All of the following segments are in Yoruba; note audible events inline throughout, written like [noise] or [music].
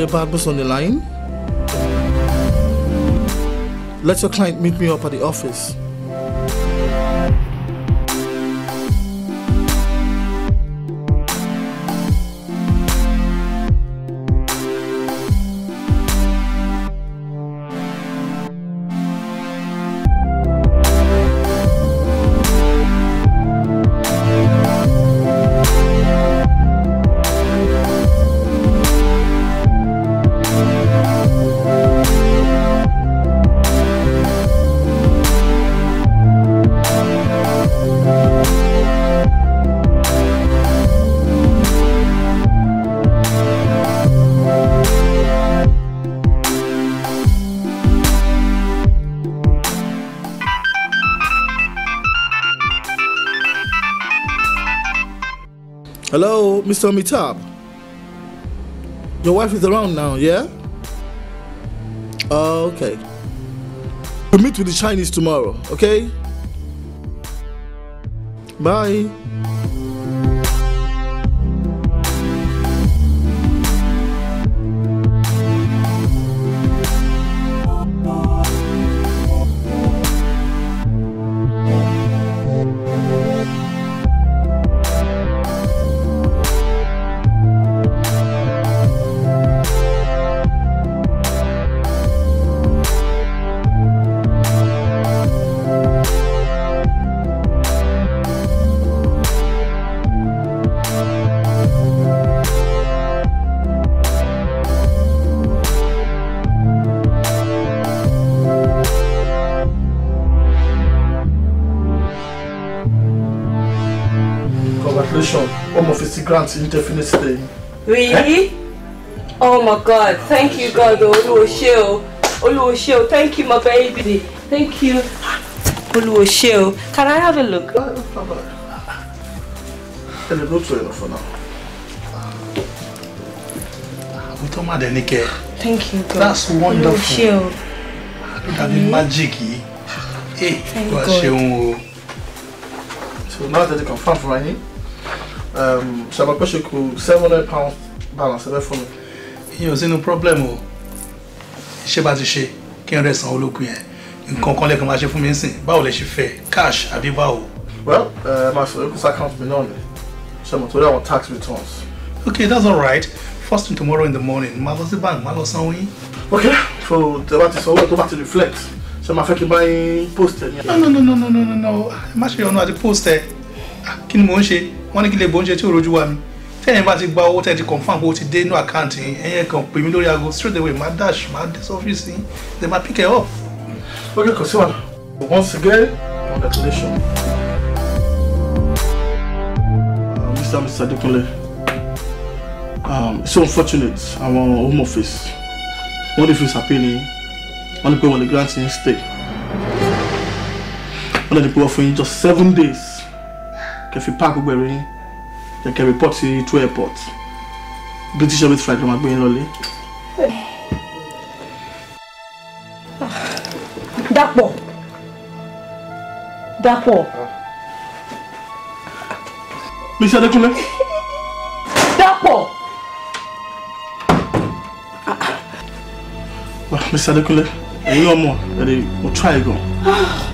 employer Badmus on the line? Let your client meet me up at the office. Mr. Mitab, your wife is around now, yeah? Uh, okay. We meet with the Chinese tomorrow, okay? Bye. grant indefinite stay. Really? Eh? Oh my God! Thank you, God. Oluwoseo, Oluwoseo, thank you, my baby. Thank you, Oluwoseo. Can I have a look? A little too enough for now. We don't mind any care. Thank you, God. That's wonderful. Oluwoseo. Look at magic. Hey, eh, Thank God. So now that you confirm for me um, Shaba Pashiku, 700 pounds balance ẹ̀fọ́ mi. Ìyẹn ò sínú problem o. Ṣé bá ti ṣe kí n rẹ̀ san olókùn yẹn? Nǹkan kan lẹ́kan máa ṣe fún mi ń sìn. Báwo lẹ ṣe fẹ́? Cash àbí báwo? Well, eh, máa fi Ekusa account mi náà ni. Ṣé mo torí àwọn tax returns? Okay, that's all right. First thing tomorrow in the morning, máa lọ sí bank, máa lọ sanwó yín. Okay, so tẹ bá ti sanwó tó bá ti reflect, ṣé máa fẹ́ kí n bá yín post ẹ̀ ní. No no no no no no no, má ṣe ọ̀nà àti post ẹ̀. Ah, kí ni mò ń ṣe? wọ́n ní kí lè bọ́ tí ò wa mi tẹ́yìn bá ti gba owó tẹ́yìn ti confam pé ti dé inú àkáǹtì ẹ̀yẹ kan pè mí lórí aago straight away máa dash máa dé sọ́fíìsì they ma pick it up. ok kò sí wa once again congratulations. Uh, Mr. Mr. Adekunle um, it's so unfortunate àwọn home office What if it's ní wọ́n ní pé wọ́n lè grant yín stay wọ́n lè ní pé wọ́n just seven days kẹ́ fi páàkì gbẹ̀rẹ̀ yín kẹ́ kẹ́ report sí two airport British Airways flight ló máa gbé yín lọlé. Dàpọ̀ Dàpọ̀. Bísí Adékúnlé. Dàpọ̀. Mr. Adekunle, ẹ̀yin ọmọ, ẹ̀rẹ̀ mo try again. Ah.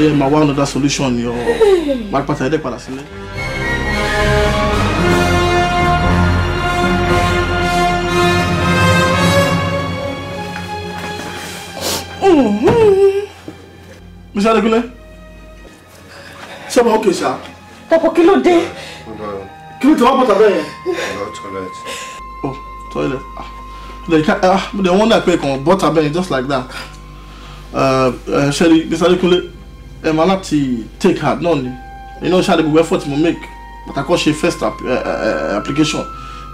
yẹ máa wá another solution ni ọ pátápátá ẹ̀dẹ̀ padà sílẹ̀. Mr. Mm-hmm. Adekunle, ṣé ọmọ òkè ṣá? Tọ́pọ̀ kí ló dé? Kí ló ti wá bọ̀tà bẹ́ẹ̀ Oh, toilet. Ah, mo dẹ̀ ah, wọ́n náà pé kàn bọ́tà bẹ́ẹ̀ just like that. Uh, uh Ṣé Mr. Adekunle, um, I like to take hard, no. You know, shall well effort to make, but I call she first app, uh, uh, application.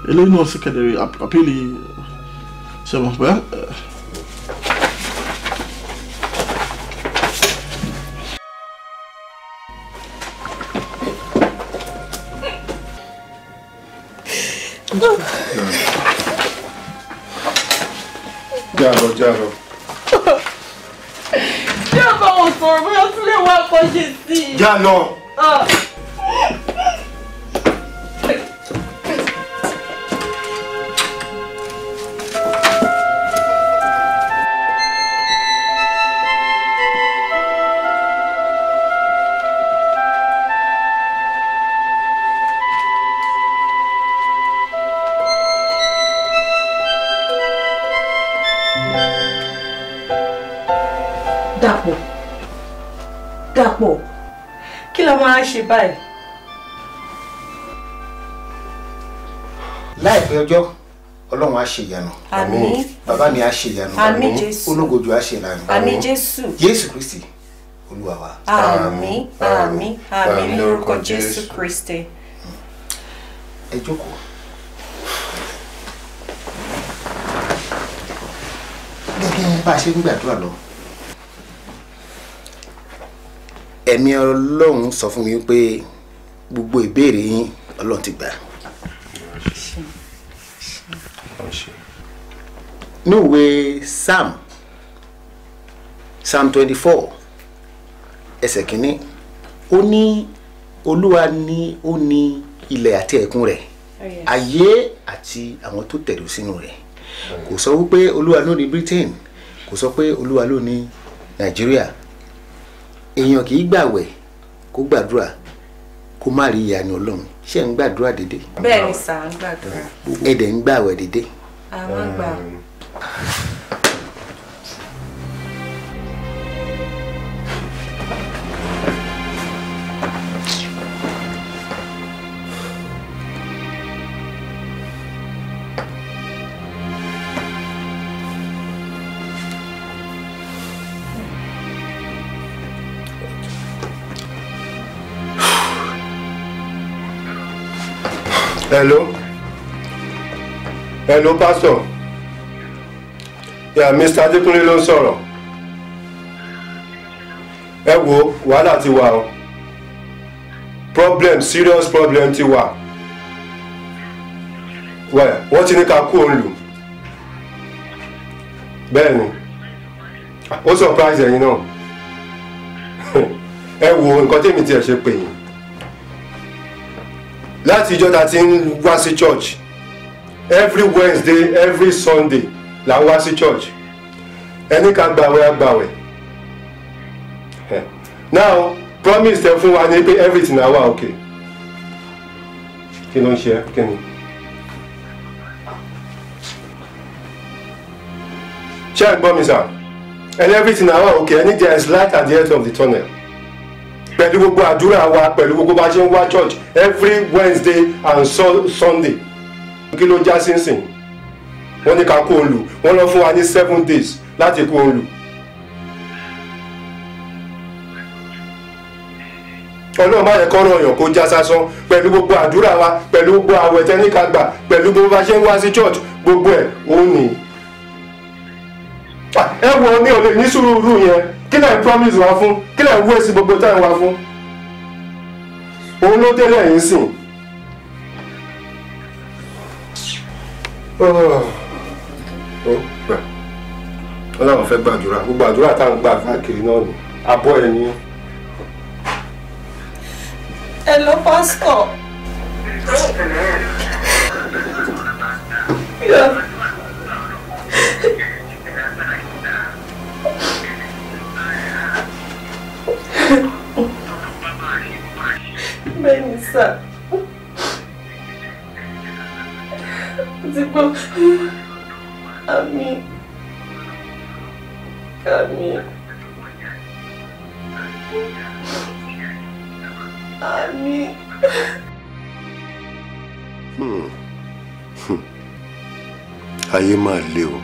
You know, secondary appeal. So, well. Uh, sọ̀rọ̀ bóyá tún lè wá àkọ́ṣe sí i. já lọ. Ah. dàpọ̀ á ṣe báyìí. láìpẹ́ ọjọ́ ọlọ́run á ṣe ìyanu àmín bàbá mi á ṣe ìyanu àmín ológojú á ṣe ìlànà àmín jésù jésù kristi olúwa wa. àmín àmín àmín lórúkọ jésù kristi. ẹ jókòó. gẹ́gẹ́ bá a ṣe ń gbàdúrà lọ. ẹ̀mí ọlọ́run sọ fún mi pé gbogbo ìbéèrè yín ọlọ́run ti gbà. ní ìwé psalm psalm twenty four ẹsẹ̀ kínní ó ní olúwa ni ó ní ilẹ̀ àti ẹ̀kún rẹ̀ oh, ayé àti àwọn tó tẹ̀dó sínú rẹ̀ kò sọ wípé olúwa ló ní britain kò sọ pé olúwa ló ní nàìjíríà èèyàn kì í gbàwẹ̀ kó gbàdúrà kó má rí ìyanu ọlọ́run ṣé ń gbàdúrà dédé. bẹ́ẹ̀ ni ń gbàdúrà. ẹ ń gbàwẹ̀ dédé. àwọn gbà. Hello? Hello, Pastor? Yeah, Mr. Adékúnlé ló ń sọ̀rọ̀. Ẹ wo, wàhálà ti wà o. Problem, serious problem ti wà. Well, wọ́n ti ní ká kú òun lù. Bẹ́ẹ̀ni, ó surprise ẹ̀yin náà. [laughs] Ẹ wo nǹkan tèmi tiẹ̀ ṣe pè yín láti ìjọ ta ti ń wá sí church every wednesday every sunday là ń wá sí church ẹni ká gbàwẹ̀ agbàwẹ̀ now promise tẹ fún wa ni pé everything na wa okay kí ló ń ṣe kí ni. ṣé ẹ and everything na wa okay any there is light at the end of the tunnel pẹ̀lú gbogbo àdúrà wa pẹ̀lú gbogbo bá ṣe ń wá church every wednesday and so sunday kí ló já sínsìn wọ́n ní ká kó o lù wọ́n lọ fún wa ní seven days láti kó o lù. ọlọ́run má yẹ kọ́rọ̀ ọ̀yàn kó já sásán pẹ̀lú gbogbo àdúrà wa pẹ̀lú gbogbo àwẹ̀ tẹ́níkà gbà pẹ̀lú gbogbo bá ṣe ń wá sí church gbogbo ẹ̀ òun nìyí. ẹ wọ ní ọ̀lẹ́ ní sùúrù yẹn kí lẹ̀ ń promise wa fún kí lẹ̀ ń wé sí gbogbo time wa fún òun ló délé yìí sìn. ó láwọn fẹ́ gbàdúrà gbogbo àdúrà tá à ń gbà káàkiri náà ni abọ́ ẹ̀ ni. ẹ lọ pásítọ̀. Yeah. pensa. Tipo, a mí. A mí. A mí. Hum. Aí hum. Ayé máa le o.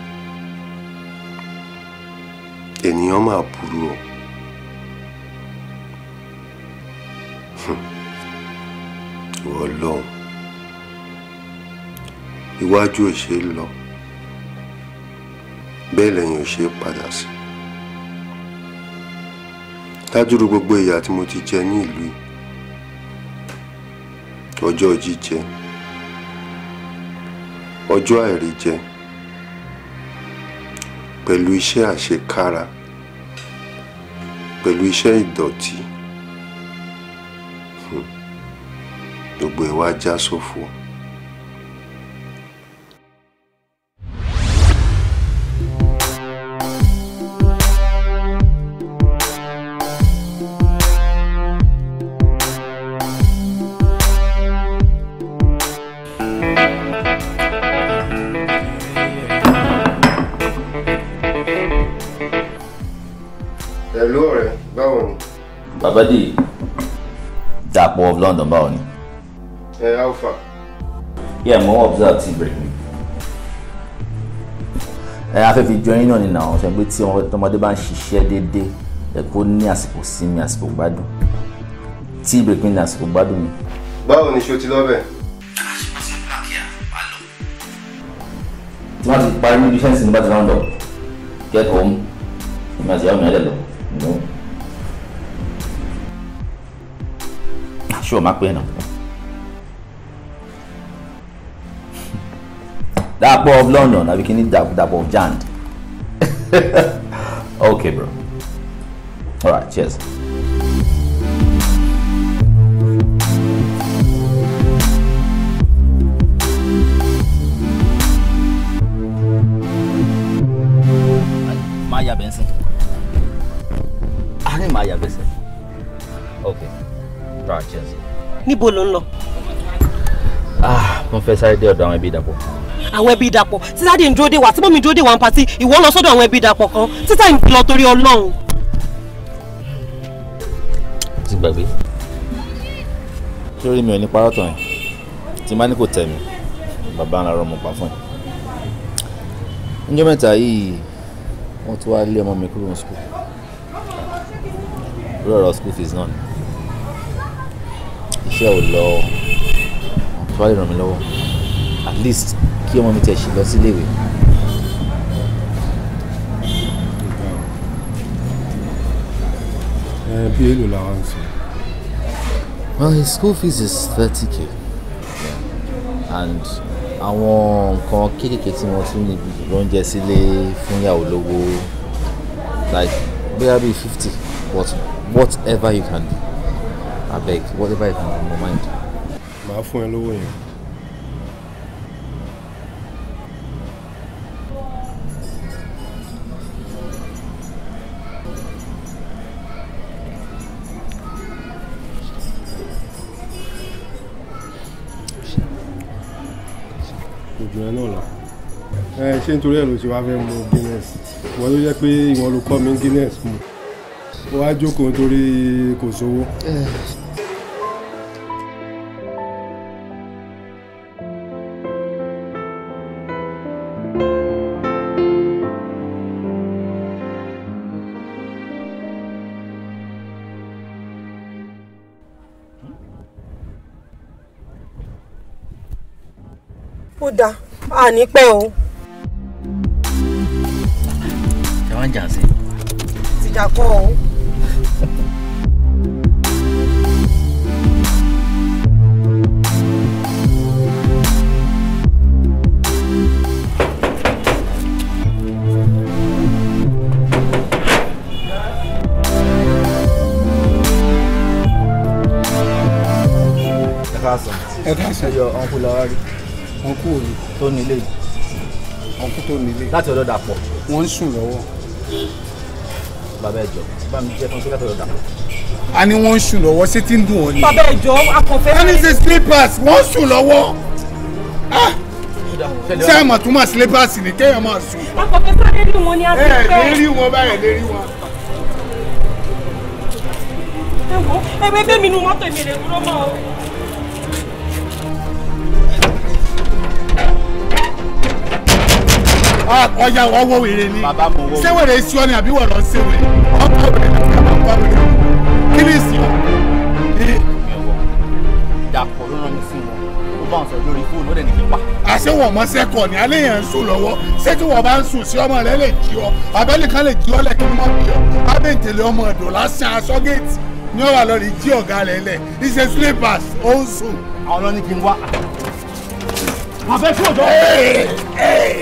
Hum. ọlọ́run iwájú ò ṣe é lọ bẹ́ẹ̀ lẹ́yìn ò ṣe é padà sí ládùúrú gbogbo ìyà tí mo ti jẹ ní ìlú ọjọ́ jíjẹ ọjọ́ àìríjẹ pẹ̀lú iṣẹ́ àṣekára pẹ̀lú iṣẹ́ ìdọ̀tí gbogbo ẹ̀ wá já sófo. Hello ọ̀rẹ́ Babadi Dàpọ̀ of London báwo ni. Hey, Alpha. Yeah, mo observe tea break me. ẹ afẹ́ fi jọyín náà nínú àwọn ṣẹ́gbẹ́ tí ọmọdé bá ń ṣiṣẹ́ déédéé ẹ̀kọ́ ní àsìkò sinmi àsìkò gbádùn tea break me ní àsìkò gbádùn mi. báwo ni ṣo ti lọ́bẹ̀. tí wọ́n ti parí níbi iṣẹ́ ìsinmi bá ti round up kẹ́kọ̀ọ́ mú ìmọ̀ àti ìyá mi ẹ̀dẹ̀ lọ. ṣé o máa pẹ́ náà. Dapò of London àbí kí ni Dapò of Jand [laughs] okay bro alright cheers. Maya yà bẹ́sẹ̀ àárín máa yà bẹ́sẹ̀ okay alright cheers. níbo ló ń lọ. ah mo fẹ́ sáré dé ọ̀dọ̀ àwọn ẹbí Dapò àwọn ẹbí dàpọ̀ títà dé ń dúró dé wá tí mọ́mí dúró dé wá ń patí ìwọ lọ sọ́dọ̀ àwọn ẹbí dàpọ̀ kan títà ń lọ torí ọlọ́run. ti gbàgbé lórí mi ò ní parọ́ tán ẹ̀ tí má ní kò tẹ̀ mí bàbá ńlá rọmọ pa fún ẹ̀. níjọ́ mẹ́ta yìí wọ́n tún wá lé ọmọ mi kúrò ní sukùl lórí ọ̀rọ̀ school fees náà iṣẹ́ ò lọ tó bá lè ràn mí lọ́wọ́ at least kí ọmọ mi tẹ̀ ṣì lọ síléèwé. bí èlò làwọn ń sọ. well his school fees is thirty k and àwọn nǹkan kéékèèké tí wọ́n tún ní lóúnjẹ sílé fún ìyàwó lówó like bóyá bíi fifty but whatever you can do abeg whatever you can do mo mind. màá fún ẹ lówó yẹn. ṣé nítorí ẹ̀ ló ṣe wáá fẹ́ mu Guinness ìwọ ló jẹ́ pé ìwọ ló kọ́ mi Guinness mu ó wá jókòó nítorí kò sówó. ó dáa a pẹ́ o. wá ń jà sí. tìjà kọ́ o. kásán. ẹ kásán. ẹ yọ ọ̀nkú lọ́wọ́ rí. ọ̀nkú òní. tó nílé. ọ̀nkú tó nílé. láti ọ̀dọ̀ Dàpọ̀. wọ́n ń sùn lọ́wọ́ bàbá ẹ jọ bá mi jẹ fún sí látọ̀dọ̀ dà. a ní wọ́n ń sùn lọ́wọ́ ṣé tí ń dùn ọ́ ni. bàbá ẹ jọ wọ́n ní ṣe slippers wọ́n ń sùn lọ́wọ́ ah! ṣé àmọ̀ tún máa slippers ni kéèyàn máa sùn. akọ̀fẹ́ sáré rí wọn ni a ti fẹ́. ẹ lè rí wọn báyẹn lè wọn. ẹ wo ẹ bẹ bẹ mi nu mọ́tò mi lè dúró mọ́ o. ọjà ọwọ́ wèrè ni sẹ́wẹ̀rẹ̀ sí ọ ni àbí wọ̀ lọ sẹ́wẹ̀ ọkọ̀ wèrè ni àbí ọkọ̀ wèrè ni kí ni sí ọ. dàpọ̀ ló rán mi sí wọn ó bá wọn sọ lórí fóònù ó dẹ̀ ní kí n wá. àṣewọ̀ ọmọ sẹ́kọ̀ ni alẹ́ yẹn ń sùn lọ́wọ́ sẹ́tí wọ́n bá ń sùn sí ọmọ rẹ lè jí ọ abẹ́lẹ̀ kan lè jí ọ lẹ́kí mọ́ bí ọ abẹ́ntẹ̀lẹ̀ ọmọ ẹ̀dọ̀ lásán aṣọ géètì ní ọ̀rọ̀ àlọ́ rí jí ọ̀gá rẹ̀ lẹ̀ iṣẹ́ slippers ó ń sùn. àwọn ọlọ́ni kí n wá. àbẹ́sọ̀dọ̀.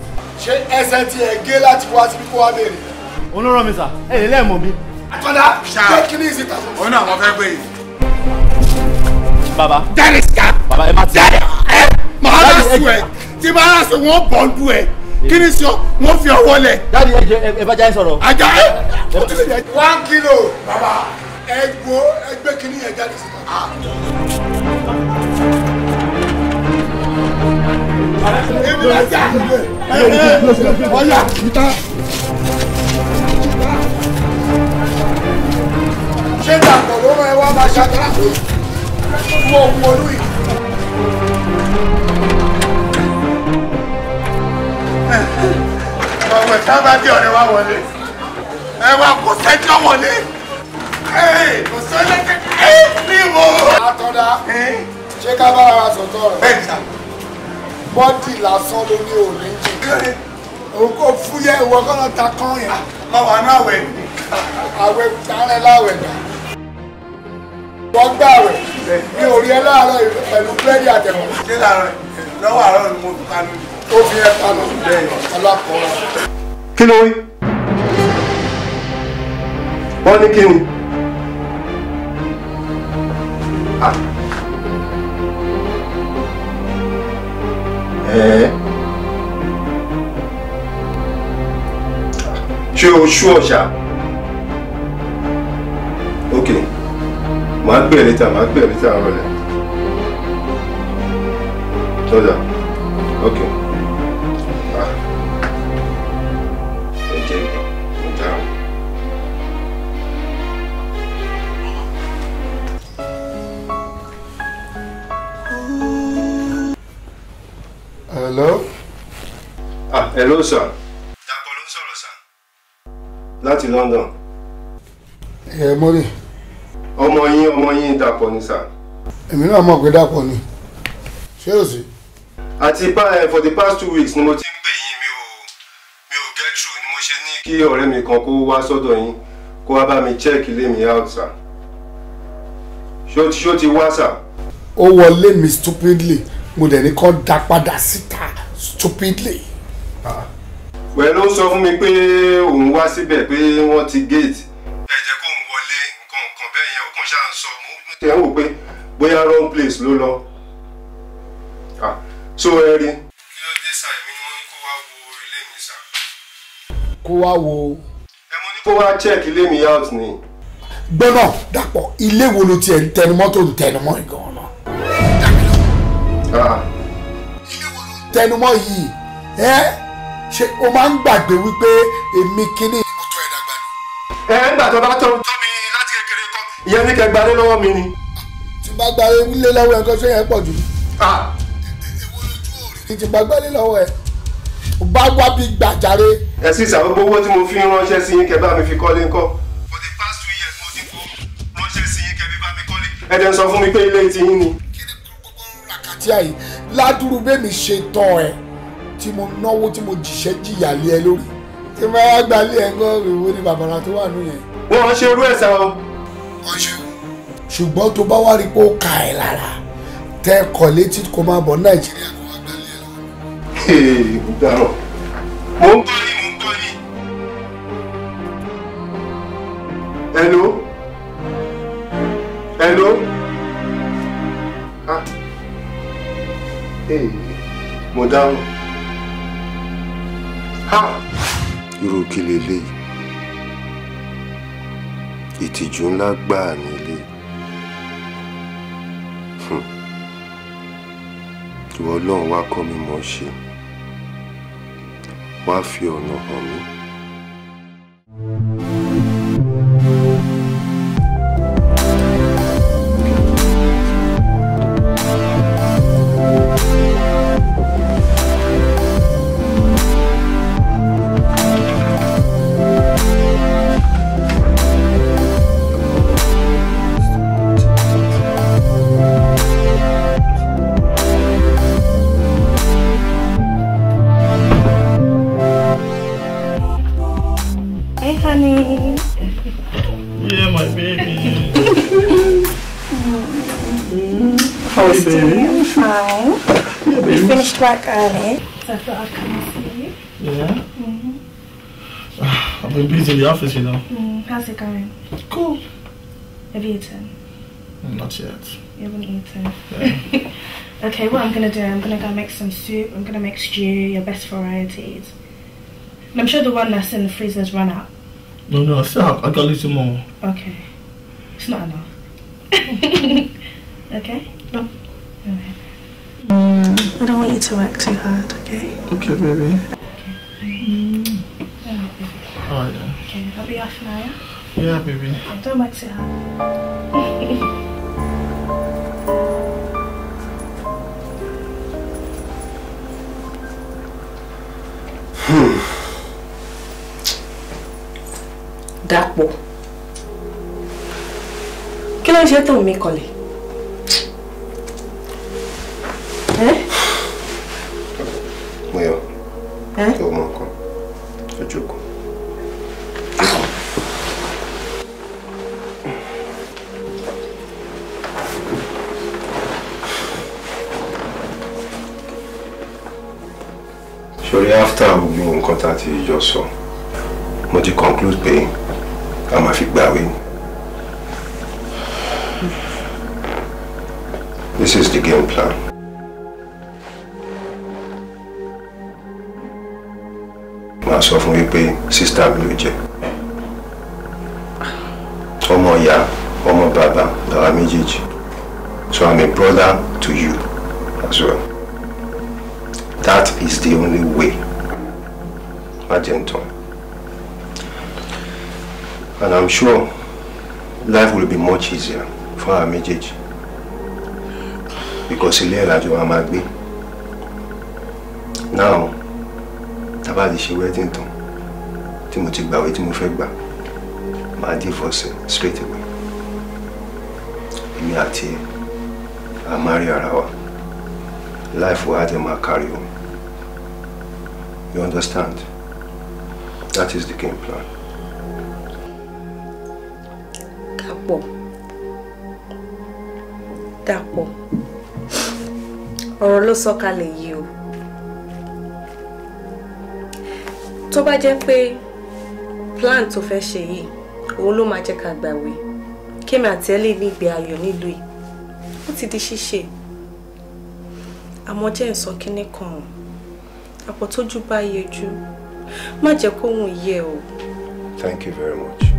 ṣé ẹsẹ̀ tí ẹ gé láti wá síbi kó wá béèrè. olóró mi sà ẹ lè lẹ́ẹ̀mọ́ mi. àtọ́lá ṣe kíní ìsìta fún òun náà wọ́n fẹ́ gbé baba dẹ́rẹ́ sika baba ẹ má ti. dẹ́rẹ́ ẹ màá rà sùn ẹ tí màá rà sùn wọ́n bọ̀ ń dùn ẹ kí sọ wọn fi ọwọ́ lẹ. dáàdi ẹ bá jáde sọ̀rọ̀. ajá ẹ one kilo baba ẹ gbó ẹgbẹ́ kìnìyàn jáde síta. Ah. èmi lọ́jà ọ̀yà ìta. ṣé dàpọ̀ ló máa wá máa ṣàkóso fún òkú olú yìí. ọ̀wẹ̀ sábàdì ọ̀rẹ́ wa wọlé ẹ wá kó sẹ́jọ́ wọlé kò sọ́jọ́ kékeré ní ìwò. àtọ̀dá ṣé ká bára wa sọ̀tọ̀ rẹ̀. bẹ́ẹ̀ ni bọ́dì lásán ló ní òní jù òun kò fúyẹ́ ìwọ kọ́nà ta kán yẹn. má wà ní àwẹ̀ àwẹ̀ tààrẹ láwẹ̀ dà. wọ́n gbà rẹ̀ ní orí ẹ láàárọ̀ pẹ̀lú búrẹ́dì àtẹ̀wọ̀n. ṣé láàárọ̀ lọ́wọ́ àárọ̀ ni mo kánú. ó fi ẹ kánú bẹ́ẹ̀ ọlọ́kọ̀ọ́. kí ló wọ́n ní kí n. Eh. ṣé o ṣú ọ̀ṣà ok màá pè é níta màá pè é níta rọlẹ̀ tọ́jà ok. okay. Hello sir. Dàpọ̀ ló ń sọ̀rọ̀ sir. Láti London. Ẹ mọ́rì. Ọmọ yín ọmọ yín Dàpọ̀ ni sir. Èmi náà mọ̀ pé Dàpọ̀ ni. Ṣé o sì? Àti eh, for the past two weeks ni mo ti ń pè yín mi ò mi ò get through ni mo ṣe ní kí ọ̀rẹ́ mi kan kó wá sọ́dọ̀ yín kó wá bá mi check ilé mi out sir. Ṣé o ti wá sir? Ó wọlé mi stupidly mo dẹ̀ ní kó dá padà síta stupidly pẹ̀lú ó sọ fún mi pé òun wá síbẹ̀ pé wọ́n ti géètì. ẹ jẹ́ kó ń wọlé nǹkan kan bẹ́ẹ̀ yẹn ó kàn ṣáà ń sọ mọ́. ṣé ẹ wò pé bóyá wrong place ló lọ so ẹ rí. kí ló dé sáà mi ni kó wá wo ilé mi sá. kó wá wo. ẹ mo ní kó wá check ilé mi out ni. gbọ́dọ̀ dàpọ̀ ilé wo ló tiẹ̀ ń tẹnumọ́ tó ń tẹnumọ́ ìgbọ̀n náà. ilé wo ló ń tẹnumọ́ yìí ẹ́ ṣé o máa ń gbàgbé wípé èmi kíní. mo tọ́ ẹ dàgbà ni. ẹ ń gbà tó bá tó mi láti kékeré kan ìyẹn ní kẹ gbalé lọ́wọ́ mi ni. tí bá gbalé nílé lọ́wọ́ ẹ kó ṣe yẹn pọ̀ jù. tí bá gbalé lọ́wọ́ ẹ o bá wá bí gbàjáre. ẹ sì ṣàgbọ́gbọ́ owó tí mo fi ránṣẹ́ sí yín kẹ mi fi kọ́lé ńkọ́. for the past two years mo ti kó ránṣẹ́ sí yín kẹ bí bá mi kọ́lé. ẹ jẹ́ sọ fún mi pé ilé ti yín ni. kí mi ṣe tán tí mo náwó tí mo jìṣẹ́ jìyà lé ẹ lórí tí mo bá gbà lé ẹ gan ìwé ni bàbàrà tó wà nù yẹn. wọ́n ṣe irú ẹ̀sà o. wọ́n ṣe o. ṣùgbọ́n tó bá wá rí pé ó ka ẹ̀ lára tẹ́ ẹ kọ̀ létí kó máa bọ̀ nàìjíríà kó wá gbà lọ. ee mo mo ń bá yín mo ń bá yín. hello hello. Ah. Hey, mo dáhùn irú kí leléyìí ìtìjú ńlá gbáà ní ilé ìwọ ọlọ́run wá kọ́ mi mọ̀ ṣe wá fi ọ̀nà hàn mí. baby. How is it? Fine. Yeah, baby. We finished work early. So I thought I'd come and see you. Yeah? Mm -hmm. I've been busy in the office, you know. Mm, how's it going? Cool. Have you eaten? Not yet. You haven't eaten? Yeah. Okay, what I'm gonna do, I'm gonna go make some soup, I'm gonna make stew, your best varieties. And I'm sure the one that's in the freezer's run out. No, no, I still have. I got a little more. Okay. It's not enough. [laughs] okay? No. Okay. Mm, I don't want you to work too hard, okay? Okay, baby. Okay. Mm. Alright then. Okay, I'll be off now, yeah? Yeah, baby. Don't work too hard. dàpọ̀ kí ló ń ṣe tó mi kọlẹ̀ mọ̀yọ́ tó mọ̀ nǹkan ojú kù. sori after gbogbo nǹkan tá a ti jọ sọ mo ti conclude pé ká máa fi gbàwé ni. This is the game plan. Màá sọ fún wípé sísítà mi ló jẹ. Ọmọ ìyá, ọmọ bàbá làwa méjèèjì. So I'm a brother to you as well. That is the only way. Má jẹ́ And I'm sure life will be much easier for àwa méjèèjì. Because he ìrìnàjò wa máa gbé. Now, tá a bá ti ṣe wedding tán, tí mo ti gbàwé tí mo fẹ́ gbà, màá divorce straight away. Èmi àti ẹ̀ a máa rí Life will have jẹ́ máa carry on. You understand? That is the game plan. Dàpọ̀ ọ̀rọ̀ ló sọ kalẹ̀ yìí o tó bá jẹ́ pé plan tó fẹ́ ṣe yìí òun ló máa jẹ́ ká gbàwé kémi àti ẹ ní ìgbé ayọ̀ nílùú yìí ó ti di ṣíṣe àmọ́ jẹ́ ìsọ kínní kan àpò tójú bá yẹjú má jẹ́ kóhun yẹ o. Thank you very much.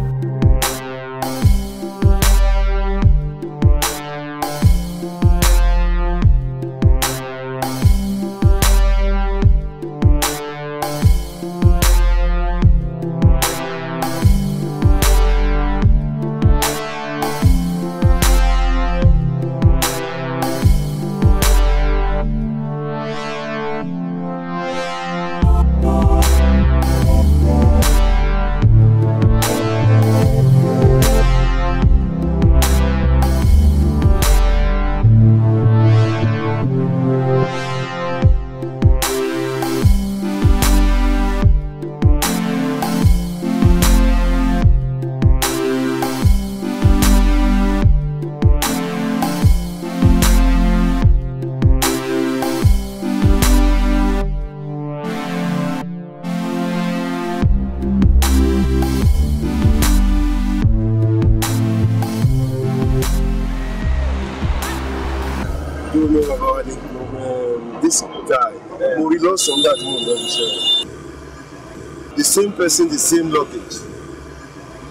person the same luggage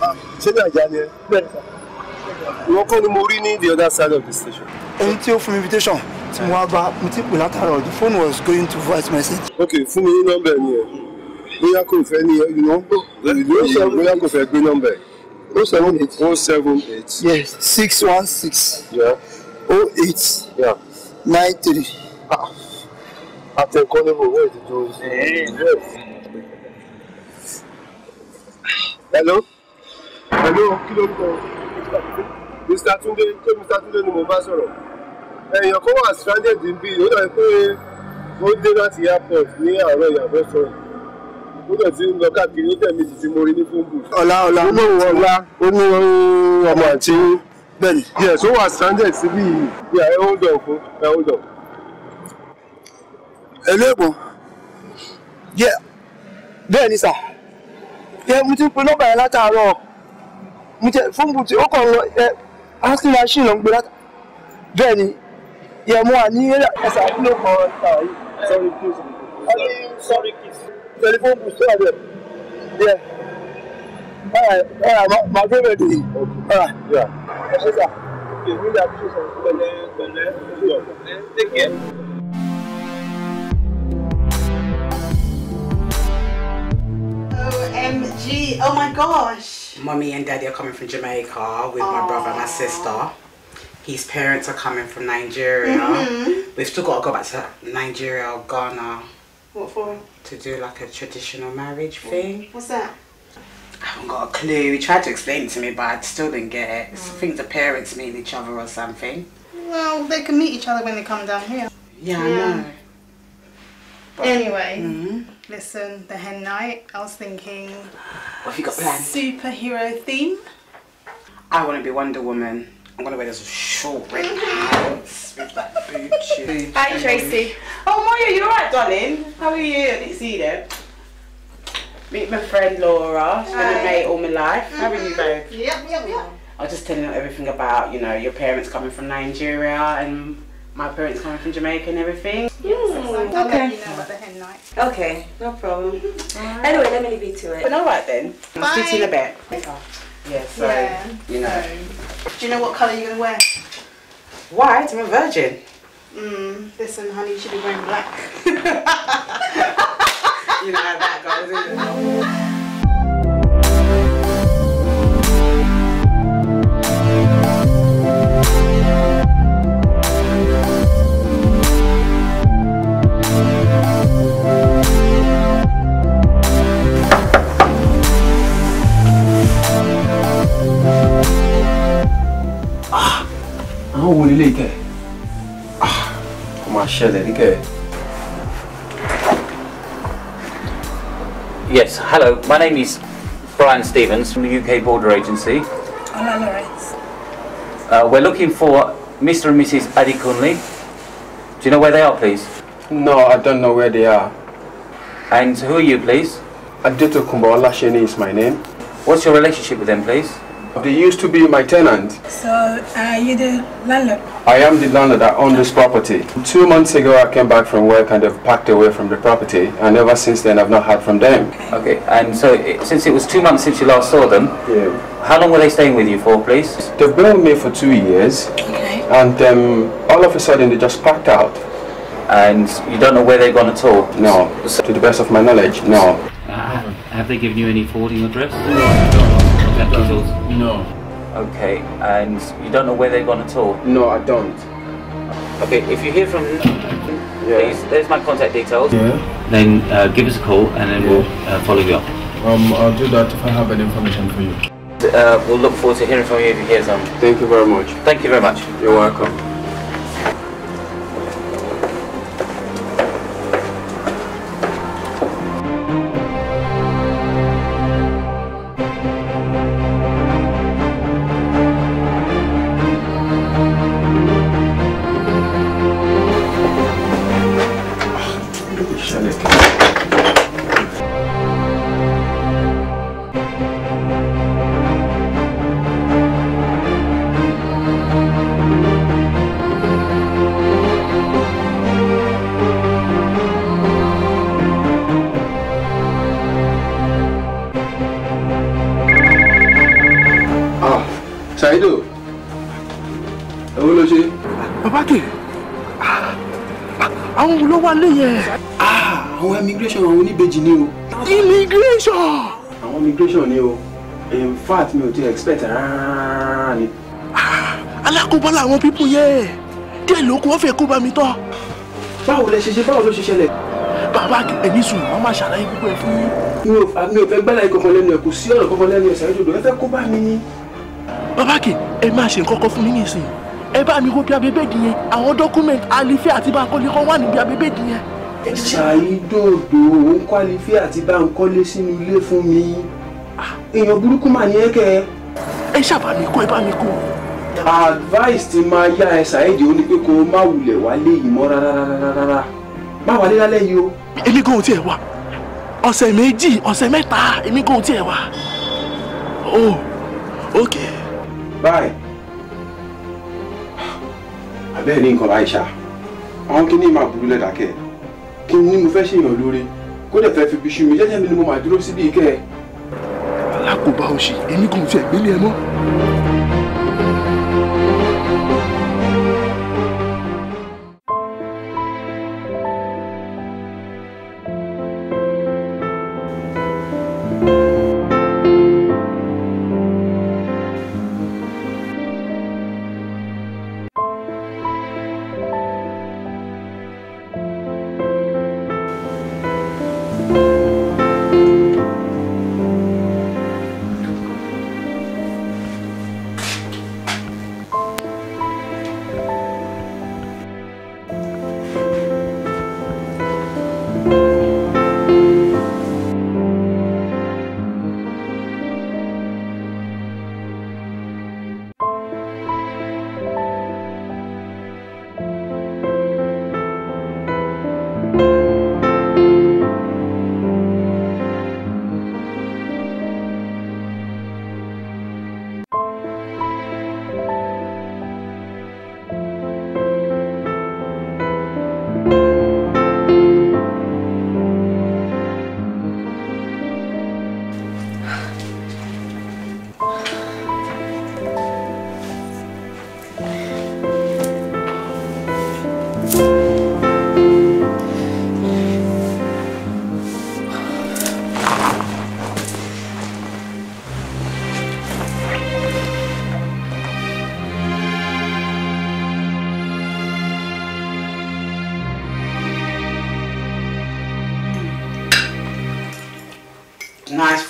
ah, ṣé ní àjà ni ẹ wọn kọ́ ni mo rí ní the other side of the station. ẹni tí ó fún mi invitation tí mo wá bá mo ti pè látàárọ̀ the phone was going to voice message. ok fún mi ní nọ́mbà ni ẹ bóyá kò fẹ́ ní ẹ̀yìn náà ìlú ìlú bóyá kò fẹ́ gbé nọ́mbà o oh seven eight. o oh seven eight. yes six one six. yeah. o oh eight. yeah. nine three. ah àtẹ̀kọ́ ni mo wẹ̀ ti dúró sí hello hello kí ló ń bọ̀ mr tunde ṣé mr tunde ni mo bá sọ̀rọ̀ èèyàn kan wà stranded níbí ó dàbí pé ó dé láti airport ní àárọ̀ ìyàwó sọ̀rọ̀ ó dẹ̀ ti ń lọ káàkiri ó tẹ̀mí ti ti mo rí ní fúnbù. ọ̀la ọ̀la ó lóun ọ̀la ó ní ọmọ àti bẹ́ẹ̀ni. yes ó wà stranded síbí yìí ẹ̀ ẹ̀ hold on fún ẹ̀ hold on. ẹ̀ lóògùn bẹ́ẹ̀ni sà ẹ mo ti pe nọ́mbà yẹn látàárọ̀ mo ti fún bùtì ó kàn lọ ẹ ashley ashley ló ń gbé látà bẹ́ẹ̀ ni yẹ mo wà ní ẹsẹ àbúlò kan ìta yìí sorry kiss ọdí sorry kiss telephone booth tó wà bẹ́ẹ̀ yẹ ọ̀rà ọ̀rà máa gbé bẹ́ẹ̀ dèyí ọ̀rà ẹ ṣe sà èmi ìdàgbàsókè pẹ̀lẹ́ pẹ̀lẹ́ pẹ̀lẹ́ take care. OMG. Oh my gosh. Mommy and daddy are coming from Jamaica with Aww. my brother and my sister. His parents are coming from Nigeria. Mm -hmm. We've still got to go back to Nigeria or Ghana. What for? To do like a traditional marriage thing. What's that? I haven't got a clue. He tried to explain it to me, but I still didn't get it. Mm. I think the parents meet each other or something. Well, they can meet each other when they come down here. Yeah, yeah. I know. But, anyway. Mm -hmm listen, The Hen Night, I was thinking. What have you got planned? Superhero theme. I want to be Wonder Woman. I'm gonna wear this short red pants with that boochie. Hi Tracy. Oh Maya, you alright darling? How are you? I didn't see you there. Meet my friend Laura. She's been a mate all my life. Mm -hmm. How are you mm-hmm. babe? Yep, yep, yep. I was just telling her everything about, you know, your parents coming from Nigeria and my parents coming from Jamaica and everything. Mm. Okay. You know okay, no problem. Right. Anyway, let me leave you to it. But all right then. Bye. See you in a bit. Yeah, so, yeah. you know. Do you know what colour you're going to wear? White? I'm a virgin. Mm, listen, honey, you should be wearing black. [laughs] you know how that goes, [laughs] Ah, yes, hello. My name is Brian Stevens from the UK Border Agency. Hello, Lawrence. Uh, we're looking for Mr. and Mrs. Adi Kunli. Do you know where they are, please? No, I don't know where they are. And who are you, please? Adito Kumba Olasheni is my name. What's your relationship with them, please? They used to be my tenant. So, are uh, you the landlord? I am the landlord. I own this property. Two months ago, I came back from work and they've packed away from the property. And ever since then, I've not heard from them. Okay, and so since it was two months since you last saw them, yeah. how long were they staying with you for, please? They've been with me for two years. Okay. And um, all of a sudden, they just packed out. And you don't know where they've gone at all? No. So, to the best of my knowledge, no. Uh, have they given you any forwarding address? No that puzzles? No. Okay, and you don't know where they've gone at all? No, I don't. Okay, if you hear from yeah. please, there's my contact details. Yeah. Then uh, give us a call and then yeah. we'll uh, follow you up. Um, I'll do that if I have any information for you. Uh, we'll look forward to hearing from you if you hear something. Thank you very much. Thank you very much. You're welcome. expect rárá ah, ni. Ah, alákóbá làwọn pípù yẹ díẹ̀ ló kó wọ́n fẹ́ kó bá mi tọ́. báwo lẹ ṣe ṣe báwo ló ṣe ṣẹlẹ̀. bàbá ẹ̀mí sùn wọ́n máa ṣàlàyé gbogbo ẹ̀ fún yín. mi ò fẹ́ gbẹ́lá ìkọ̀kan lẹ́nu ẹ̀ kò sí ọ̀rọ̀ kankan lẹ́nu ẹ̀ sàrẹ́ ẹ fẹ́ kó bá mi ni. bàbá kì ẹ máa ṣe nǹkan kan fún mi nìsín ẹ bá mi wo bí abébèdì yẹn àwọn dọ́kúmẹ̀ntì alifẹ́ àti báńkọ́lé kan wà níbi abébèdì yẹn. ṣàìdòdò òun kọ́ alifẹ́ àti báńkọ́lé sínú mi ah, èèyàn burúkú mà ẹ ṣàbà mi kó ẹ bá mi kó. advice ti máa yá ẹ ṣàyẹ̀dì ó ní pé kó o má wulẹ̀ wálé yìí mọ́ rárá má wálé lálẹ́ yìí o. èmi gan-an tiẹ̀ wà ọ̀sẹ̀ méjì ọ̀sẹ̀ mẹ́ta èmi gan-an tiẹ̀ wà. oh okay. bye. àbẹ́ẹ̀ ní nǹkan láì ṣá àwọn kí ní máa burú lẹ́dàkẹ́ kí ni mo fẹ́ ṣèyàn lóore kó dẹ̀ fẹ́ fi bí ṣú mi jẹ́jẹ́ mi ni mo máa dúró síbi ìkẹ́ ẹ̀. alákòóbá òṣì èmi kò fi ẹ̀gbẹ́lẹ̀ ẹ mọ́. thank you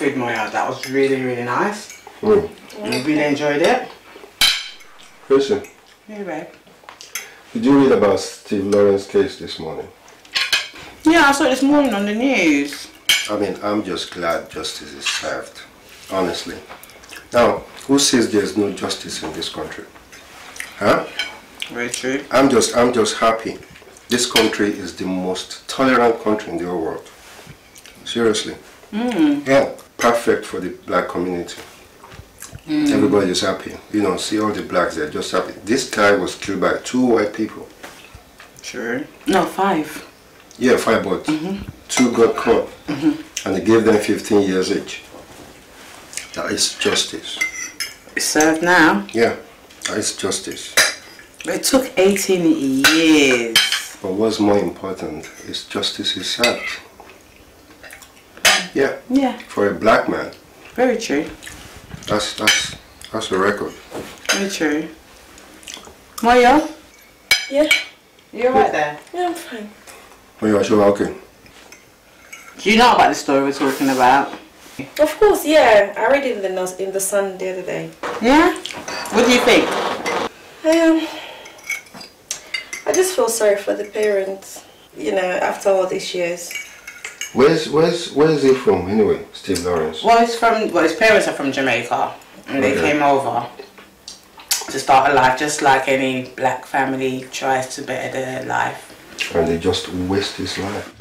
food Moya. That was really, really nice. Mm. really enjoyed it. Christian. Yeah, babe. Did you read about Steve Lawrence's case this morning? Yeah, I saw it this morning on the news. I mean, I'm just glad justice is served, honestly. Now, who says there's no justice in this country? Huh? Very true. I'm just, I'm just happy. This country is the most tolerant country in the whole world. Seriously. Mm. Yeah perfect for the black community. Mm. Everybody is happy. You know, see all the blacks, they're just happy. This guy was killed by two white people. Sure. No, five. Yeah, five, but mm -hmm. two got caught. Mm -hmm. And they gave them 15 years each. That is justice. It's served now? Yeah, that is justice. But it took 18 years. But what's more important is justice is served. Yeah. Yeah. For a black man. Very true. That's that's that's a record. Very true. Maya. Yeah. You're right there? Yeah, I'm fine. Maya, you're okay. Do you know about the story we're talking about? Of course, yeah. I read it in the in the Sun the other day. Yeah. What do you think? Um, I just feel sorry for the parents. You know, after all these years. Where's where's where's he from anyway, Steve Lawrence? Well, he's from well, his parents are from Jamaica, and okay. they came over to start a life just like any black family tries to better their life. And they just waste his life.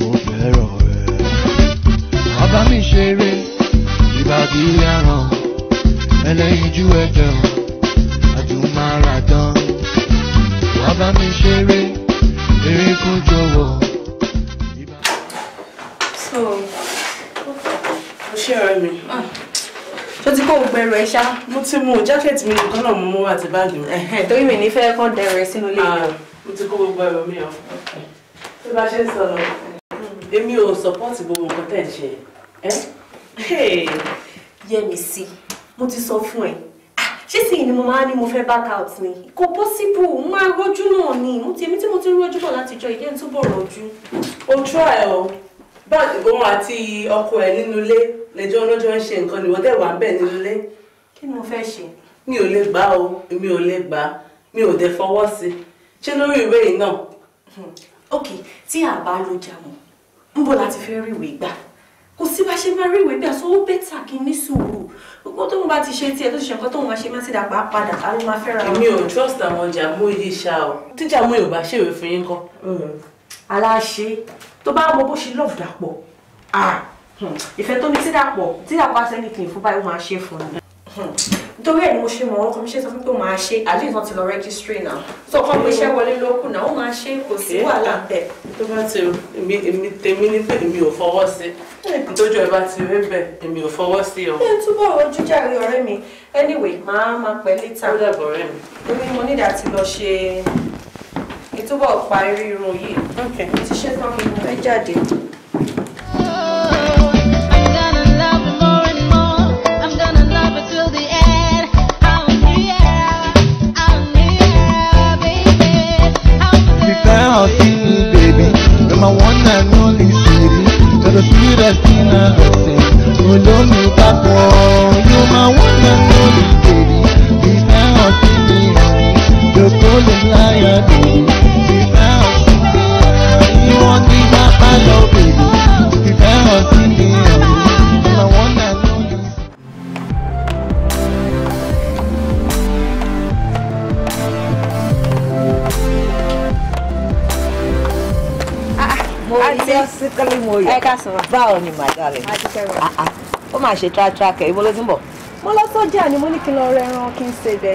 Ìbàdí mo bá mi ṣeré ìbàdí aràn ẹlẹ́yinjú ẹ̀jẹ̀ àdùnmáradán wá bá mi ṣeré eré kún jọ̀wọ́. so mo ṣe ọ̀rẹ́ mi tó ah, ti kó gbẹrù ẹ ṣá. mo ti mú jákẹ́ẹ̀tì mi nìkan náà mo mú àti báàgì mi. torí mi ní fẹ́ kán dẹrù ẹ sínú ilé mi. Ah, mo ti kó gbogbo ẹ̀rọ mi ọ. bí bá ṣe ń sọ̀rọ̀ èmi ò sọpọ́ọ̀tì gbogbo nǹkan tẹ̀ ń ṣe. Yẹ́misí mo ti sọ fún ẹ ah, ṣé sì ni mo máa ní mo fẹ́ back out ni kò possible mo máa rojú náà ni mo ti èmi tí mo ti rojú bọ̀ látijọ́ ìdí ẹni tó bọ̀ rojú. o try ẹ o báńkì gbóhùn àti ọkọ ẹ nínú ilé lẹ́jọ́ ọlọ́jọ́ ń ṣe nǹkan nìwọ dẹ wà ń bẹ nínú ilé. kí ni mo fẹ́ ṣe. mi ò lè gbà o mi ò lè gbà mi ò dẹ fọwọ́ sí i ṣé lórí ìwé yìí náà. Hmm, ok tí àbá ló jà mọ́ ń bọ̀ láti fẹ́ rí kò sí bá ṣe máa rí ìwé bẹ́ẹ̀ so ó bẹ́tà kí n ní sùúrù gbogbo tóun bá ti ṣe tiẹ̀ tó ti ṣe nǹkan tóun máa ṣe máa ti dàgbà padà á ló máa fẹ́ra wọn. èmi ò trust àwọn ọjà mú iye ṣá o tíjà mú yorùbá ṣèwé fún yín kan. Mm. aláṣẹ tó bá mọ bó ṣe lọ́ọ̀dà pọ̀ ah, hmm, ìfẹ́ tó ní sídàpọ̀ sídàpọ̀ àtẹnìkì fún báyìí ó máa ṣe fún mi. Hmm. nítorí ẹ̀ ni mo ṣe mọ̀ ọ́n kọ́míṣẹ́ sọ fún pé màá ṣe àlẹ́ ìtàn ti lọ rẹ́gísírì náà sọ kọ́ pé iṣẹ́ wọlé ló kù náà o máa ṣe kò sí wàhálà ń bẹ̀. tó bá ti èmi èmi tèmi ní pé èmi ò fọwọ́ sí ìtọ́jú ẹ bá ti rí bẹ̀ èmi ò fọwọ́ sí o. ẹ túbọ̀ ojú jàre ọ̀rẹ́ mi anyway màá máa pẹ́ létà. ó dàbọ̀ ọ̀rẹ́ mi. torí mo nídà ti lọ ṣe ìtúbọ̀ parí irun yìí. mo ti ṣetán mi mo fẹ́ jáde. out baby. You're my one and only city. You're the sweetest thing I've ever seen. You love me, Papa. You're my one and only baby. This time out in me, honey. Your soul is liar, baby. This time me, honey. You want me, my love, baby. This time out in me, honey. Basically mo yọ. Ẹ ká sọ̀rọ̀. Báwo ni my darling? Ah, ah. Ó máa ṣe tírátíra kẹ̀, ibo ló ti ń bọ̀? Mo lọ mo ní kí n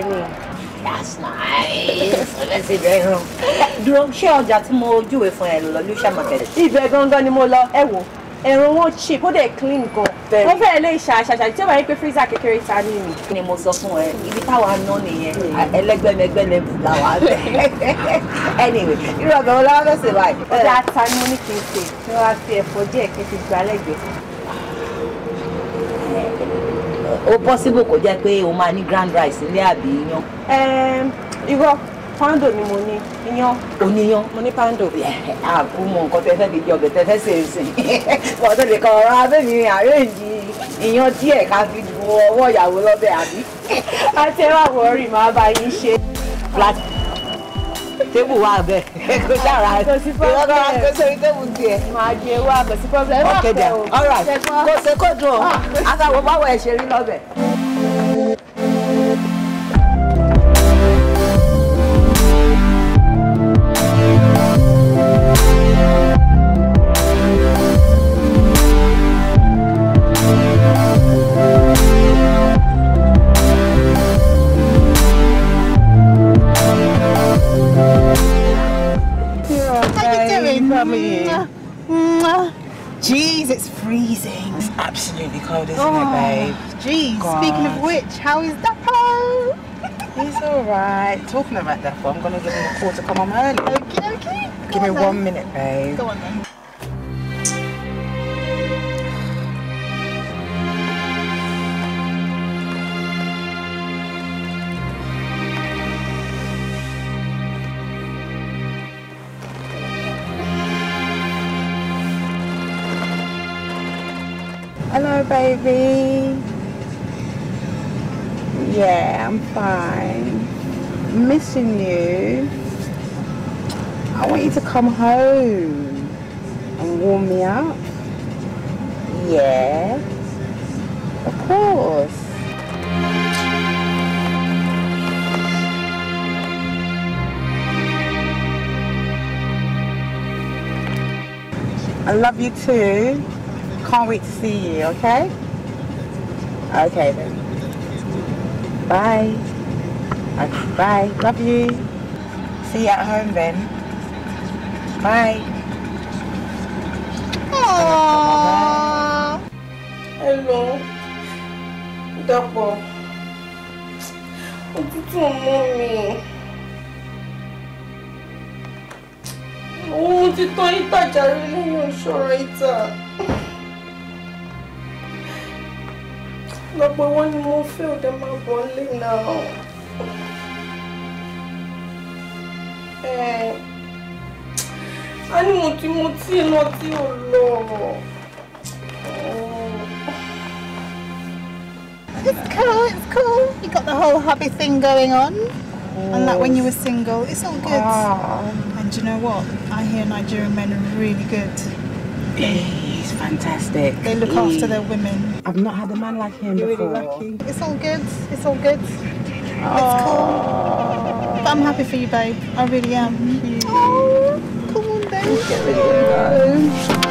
ni. That's [laughs] nice. mo júwe fún ẹ lọ Lucia Market? Ibẹ̀ ni mo lọ, ẹ wò, ẹran wọn wọ́n fẹ́rẹ̀ lè ṣe àṣàṣà tí ó bá yẹ pé freezer kékeré ta ní mi. ni mo sọ fún ẹ ibi táwa ná nìyẹn ẹlẹgbẹmẹgbẹ lẹbù làwa bẹ [laughs] anyway irú ọbẹ̀ wo làwọn fẹsẹ̀ báyìí. ọjà ata ni ó ní kí n ṣe kí wọ́n á fi ẹ̀fọ́ díẹ̀ kí n lẹ́gbẹ̀ẹ́. ó possible kó jẹ́ pé o máa ní grand rice nílé àbí iyán. ìwọ pando ni mo ní iyán. oníyán. mo ní pando. àbú mọ nǹkan te fẹ́ fi jẹ ọbẹ̀ tẹ fẹ́ ṣe é sìn. [laughs] wọ́n tó lè kọ́ ọ̀rọ̀ abẹ́mi àrẹ́ǹdì iyán díẹ̀ ká fi bu ọwọ́ ìyàwó lọ́bẹ̀ [laughs] A àti ẹ wá wọrí màá bá yín ṣe. flat tébù wà bẹ́ẹ̀ kó dára ìwọ́n kọ́ra kó sórí tébù tiẹ̀. máa di ewu àgbẹ̀sí pọ́blẹ̀ ẹ má pẹ́ o. ọ̀rọ̀ kò ṣe kó dùn ọ́ àtàwọn ah. báwọ̀ ẹ̀ ṣe rí lọ́bẹ̀. me. Jeez, it's freezing. It's absolutely cold, isn't oh, it, babe? Jeez, God. speaking of which, how is Dapo? He's alright. Talking about Dapo, I'm going to give him a call to come home early. Okay, okay. give me then. one minute, babe. Go on then. baby. Yeah, I'm fine. Missing you. I want you to come home and warm me up. Yeah, of course. I love you too. Can't wait to see you, okay? Okay then. Bye. Okay, bye. Love you. See you at home then. Bye. Aww. Hello. Double. Oh, Dapper. Òtútù mú mi. Owó títọ́ ìtajà rí lẹ́yìn ìṣòro ìta. lọ pé wọ́n ní mo fẹ́ òde máa bọ̀ lé náà. a ní mo ti mo tí iná tí ò lọ. Oh. It's cool, it's cool. You got the whole hobby thing going on. And that when you were single, it's all good. Ah. And you know what? I hear Nigerian men are really good. [laughs] fantastic. They look he, after their women. I've not had a man like him You're before. really lucky. It's all good. It's all good. It's cool. But I'm happy for you, babe. I really am. Oh, come on, babe.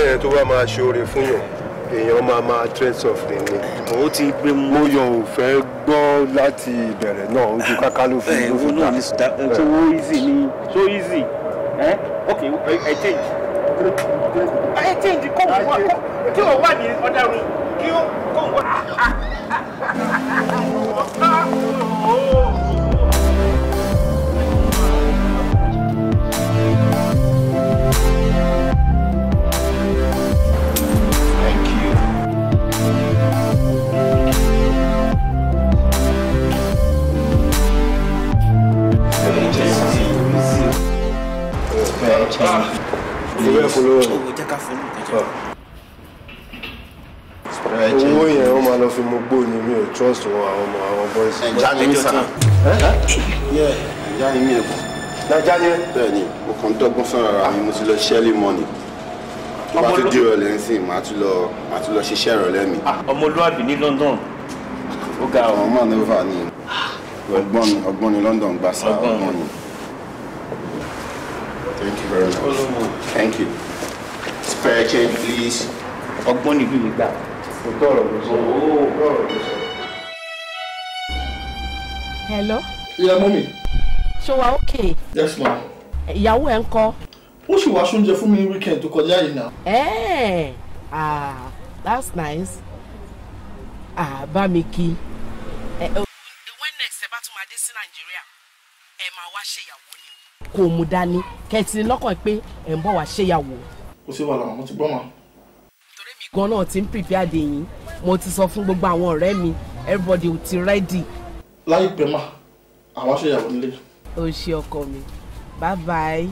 bẹ́ẹ̀ tó bá máa ṣoore fún yàn èèyàn máa máa threat of the name. ó ti gbé mu. mo yàn ò fẹ́ gbọ́ láti ìbẹ̀rẹ̀ náà ojú káká ló fi ló fi ta. so easy ni so easy Okay, I, I change. I change Come o wá kí o wá ní ọ̀dà mi kí o kó o mo bẹ́ẹ̀ fọlọ́wọ́ ni. owó jẹ́ ká owó yẹn wọ́n máa lọ fi mú gbó ni mi ò trust wọn àwọn ọmọ àwọn boys. ẹja ni mi sàn. ẹja ni mi èkó. naija ni. bẹ́ẹ̀ni mo kàn ń dọ́gbọ́n sọ̀rọ̀ mi mo ti lọ ṣẹlí mọni tó bá tún di ìrọ̀lẹ́ nsìn màá tún lọ màá tún lọ ṣiṣẹ́ ìrọ̀lẹ́ mi. Ah, ọmọlúwàbí ní London ó ga ọ. ọmọ náà ní ah. ọgbọ́n ní London gbà sá ni. Thank you very much. Thank you. Spare change, please. Ọgbọ́n níbi ìgbà. Mo tọrọ ló sọ. sọ. Hello. Ìyá mọ́mì. Ṣé wàá okay? Yes ma. Ìyàwó ẹ̀ ń kọ́. Ó sì wá sóúnjẹ fún mi ní weekend tó kọjá yìí náà. Ẹ́ẹ̀ eh, ah that's nice. Ah bá mi kí. Eh, oh. When next ẹ bá tún máa dé sí Nàìjíríà, ẹ máa wá ṣèyàwó kó mú dání kẹtì lọ́kàn pé ẹ̀ ń bọ̀ wá ṣéyàwó. kò sí wàhálà mo ti gbọ́ wọn. gan náà ti ń prepare de yín mo ti sọ fún gbogbo àwọn ọ̀rẹ́ mi everybody ò ti ready. láìpẹ́ mà àwọn ṣéyàwó nílé. o ṣe ọkọ mi bye bye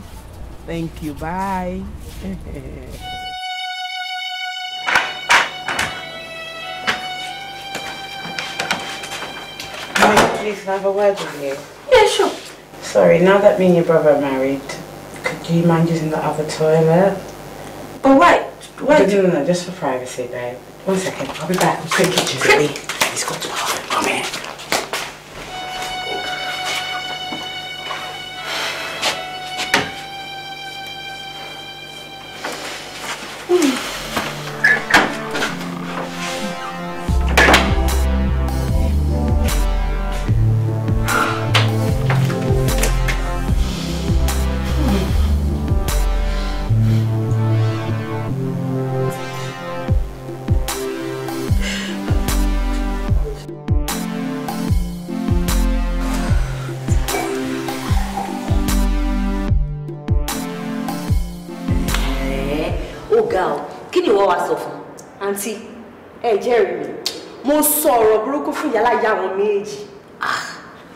thank you bye. Please have a word with you. Yeah, sure. Sorry, now that me and your brother are married, could you mind using the other toilet? But oh, wait, wait. No, no, no, just for privacy, babe. One second, I'll be back. I'm quick, Quick. He's got to bathroom. Come here. ẹ jẹ́rìí mi mo sọ ọ̀rọ̀ burúkú fún ìyá láyà àwọn méjì ah,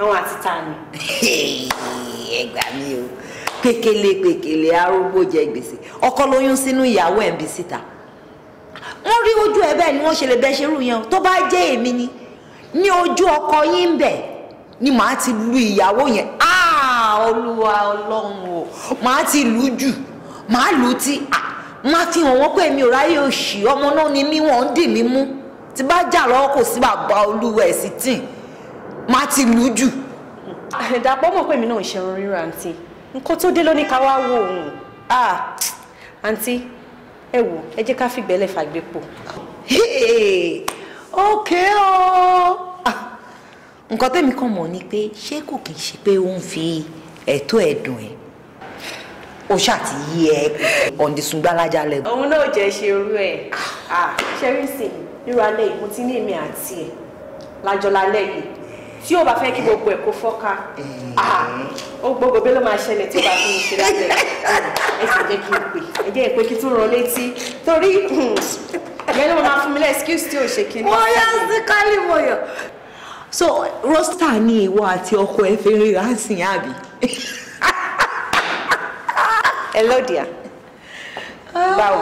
àwọn àti ta ni. [laughs] ẹ gbà mí o pékélé pékélé arúgbó jẹ gbèsè ọkọ lóyún sínú ìyàwó ẹ̀ bí síta wọ́n rí ojú ẹ bẹ́ẹ̀ ni wọ́n ṣe lè bẹ́ ṣerú yẹn tó bá jẹ́ èmi ni ní ojú ọkọ yín ń bẹ̀ ni màá ti lu ìyàwó yẹn ah, olúwa ọlọ́run o màá ti lù jù màá lù tí ah má fi hàn wọ́n pé mi ò ráyè òṣì ọmọ náà ni mí wọ́n ń dì mí mú tí bá jà lọ́wọ́ kò sí bàbá olúwa ẹ̀ sí tì má ti lù jù. àdàpọ̀ mọ̀ pé mi náà ń ṣe irun rírà àǹtí nǹkan tó dé lóní ká wá wo òun àǹtí ẹ wò ẹ jẹ́ ká fìgbẹ́lẹ̀ fàgbépo. ókè o ah, nǹkan tẹ́mi kàn mọ̀ ni pé ṣé kò kì í ṣe pé ó ń fi ẹ̀tọ́ ẹ̀dùn ẹ̀ ó ṣàti yí ẹ ọ̀ǹdìsúngbálájà lẹ́gbẹ̀ẹ́. òun náà jẹ́ ṣe irú ẹ̀ ah. ah, ṣẹ́rìsì nírú alẹ́ yìí mo ti ní èmi àti ẹ̀ lájọ lálẹ́ yìí tí o bá fẹ́ kí gbogbo ẹ̀ kó fọ́ká mm-hmm. ah, ó gbogbo bí ló máa ṣẹlẹ̀ tí o bá fún mi ṣe lálẹ́ ẹ sì jẹ́ kí n pè ẹ jẹ́ ìpè kí n tún rán létí torí hmm, ìyẹn ló máa fún mi lẹ́ excuse tí o ṣe kí ni. mo yọ sí kálí mo yọ. so rosta ni ìwọ àti ọkọ ẹ fẹ́ ríra sí àbí. [laughs] hello dear. Ah. báwo.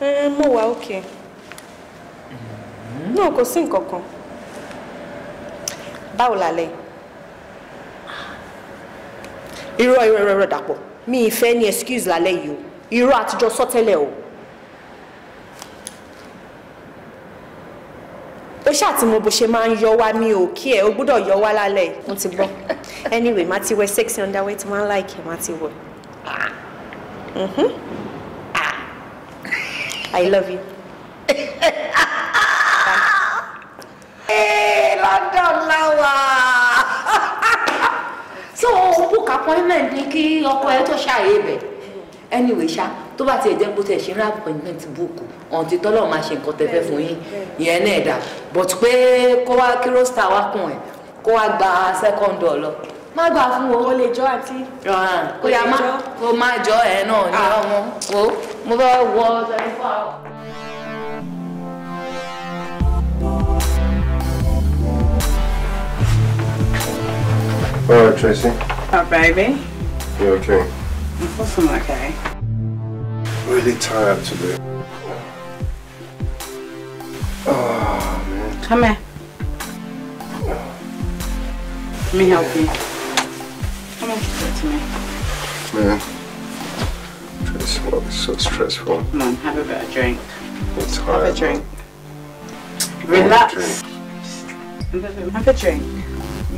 Eh, eh, mo wa okay. Mm-hmm. No kò sí nǹkan kan. báwo lálẹ́. irọ́ irọ́ irọ́ irọ́ dàpọ̀ mi ì fẹ́ ní excuse lálẹ́ you. o irọ́ àtijọ́ sọ́tẹ́lẹ̀ o. ó ṣáà tí mo bó ṣe máa ń yọ mi ò kí ẹ o gbúdọ̀ yọ wá lálẹ́ mo ti gbọ́ [laughs] anyway má ti wẹ sexy underwear tí wọ́n ń láìkì má ti wọ̀. Mm-hmm. Ah. I love you. hey, eh, London lover. [laughs] so book appointment ni kí ọkọ ẹ to ṣàyè bẹ̀. anyway ṣá To bá ti ẹ̀ jẹ́ pé tẹ̀ ṣe appointment book On ti tọ́lọ̀ máa ṣe nǹkan tẹ̀fẹ́ fún yín ìyẹn náà dà but pé kó wá kí star wá kùn ẹ̀ kó wá gba second door lọ. má gbà fún wo. o lè jọ àti. kó má kó má jọ ẹ náà ní ah. ọmọ wo mo fẹ́ wọ twenty four hours. All right, Tracy. Hi, uh, baby. You okay? I'm okay. Really tired today. Oh, man. Come here. Ah. Let me help you me. Man. This work is so stressful. Come on, have a bit of drink. It's hard. Have a drink. Relax. Drink. Have a drink. A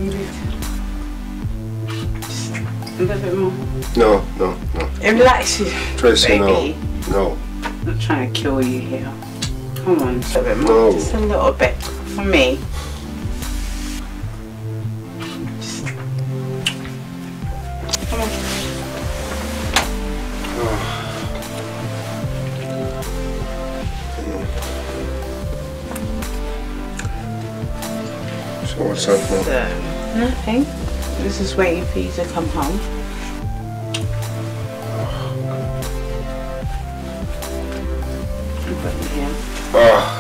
little bit more. No, no, no. It relaxes. Tracy, baby. no. No. I'm not trying to kill you here. Come on, just a bit more. No. Just a little bit. For me. Well, what's nothing. This is waiting for you to come home. Oh.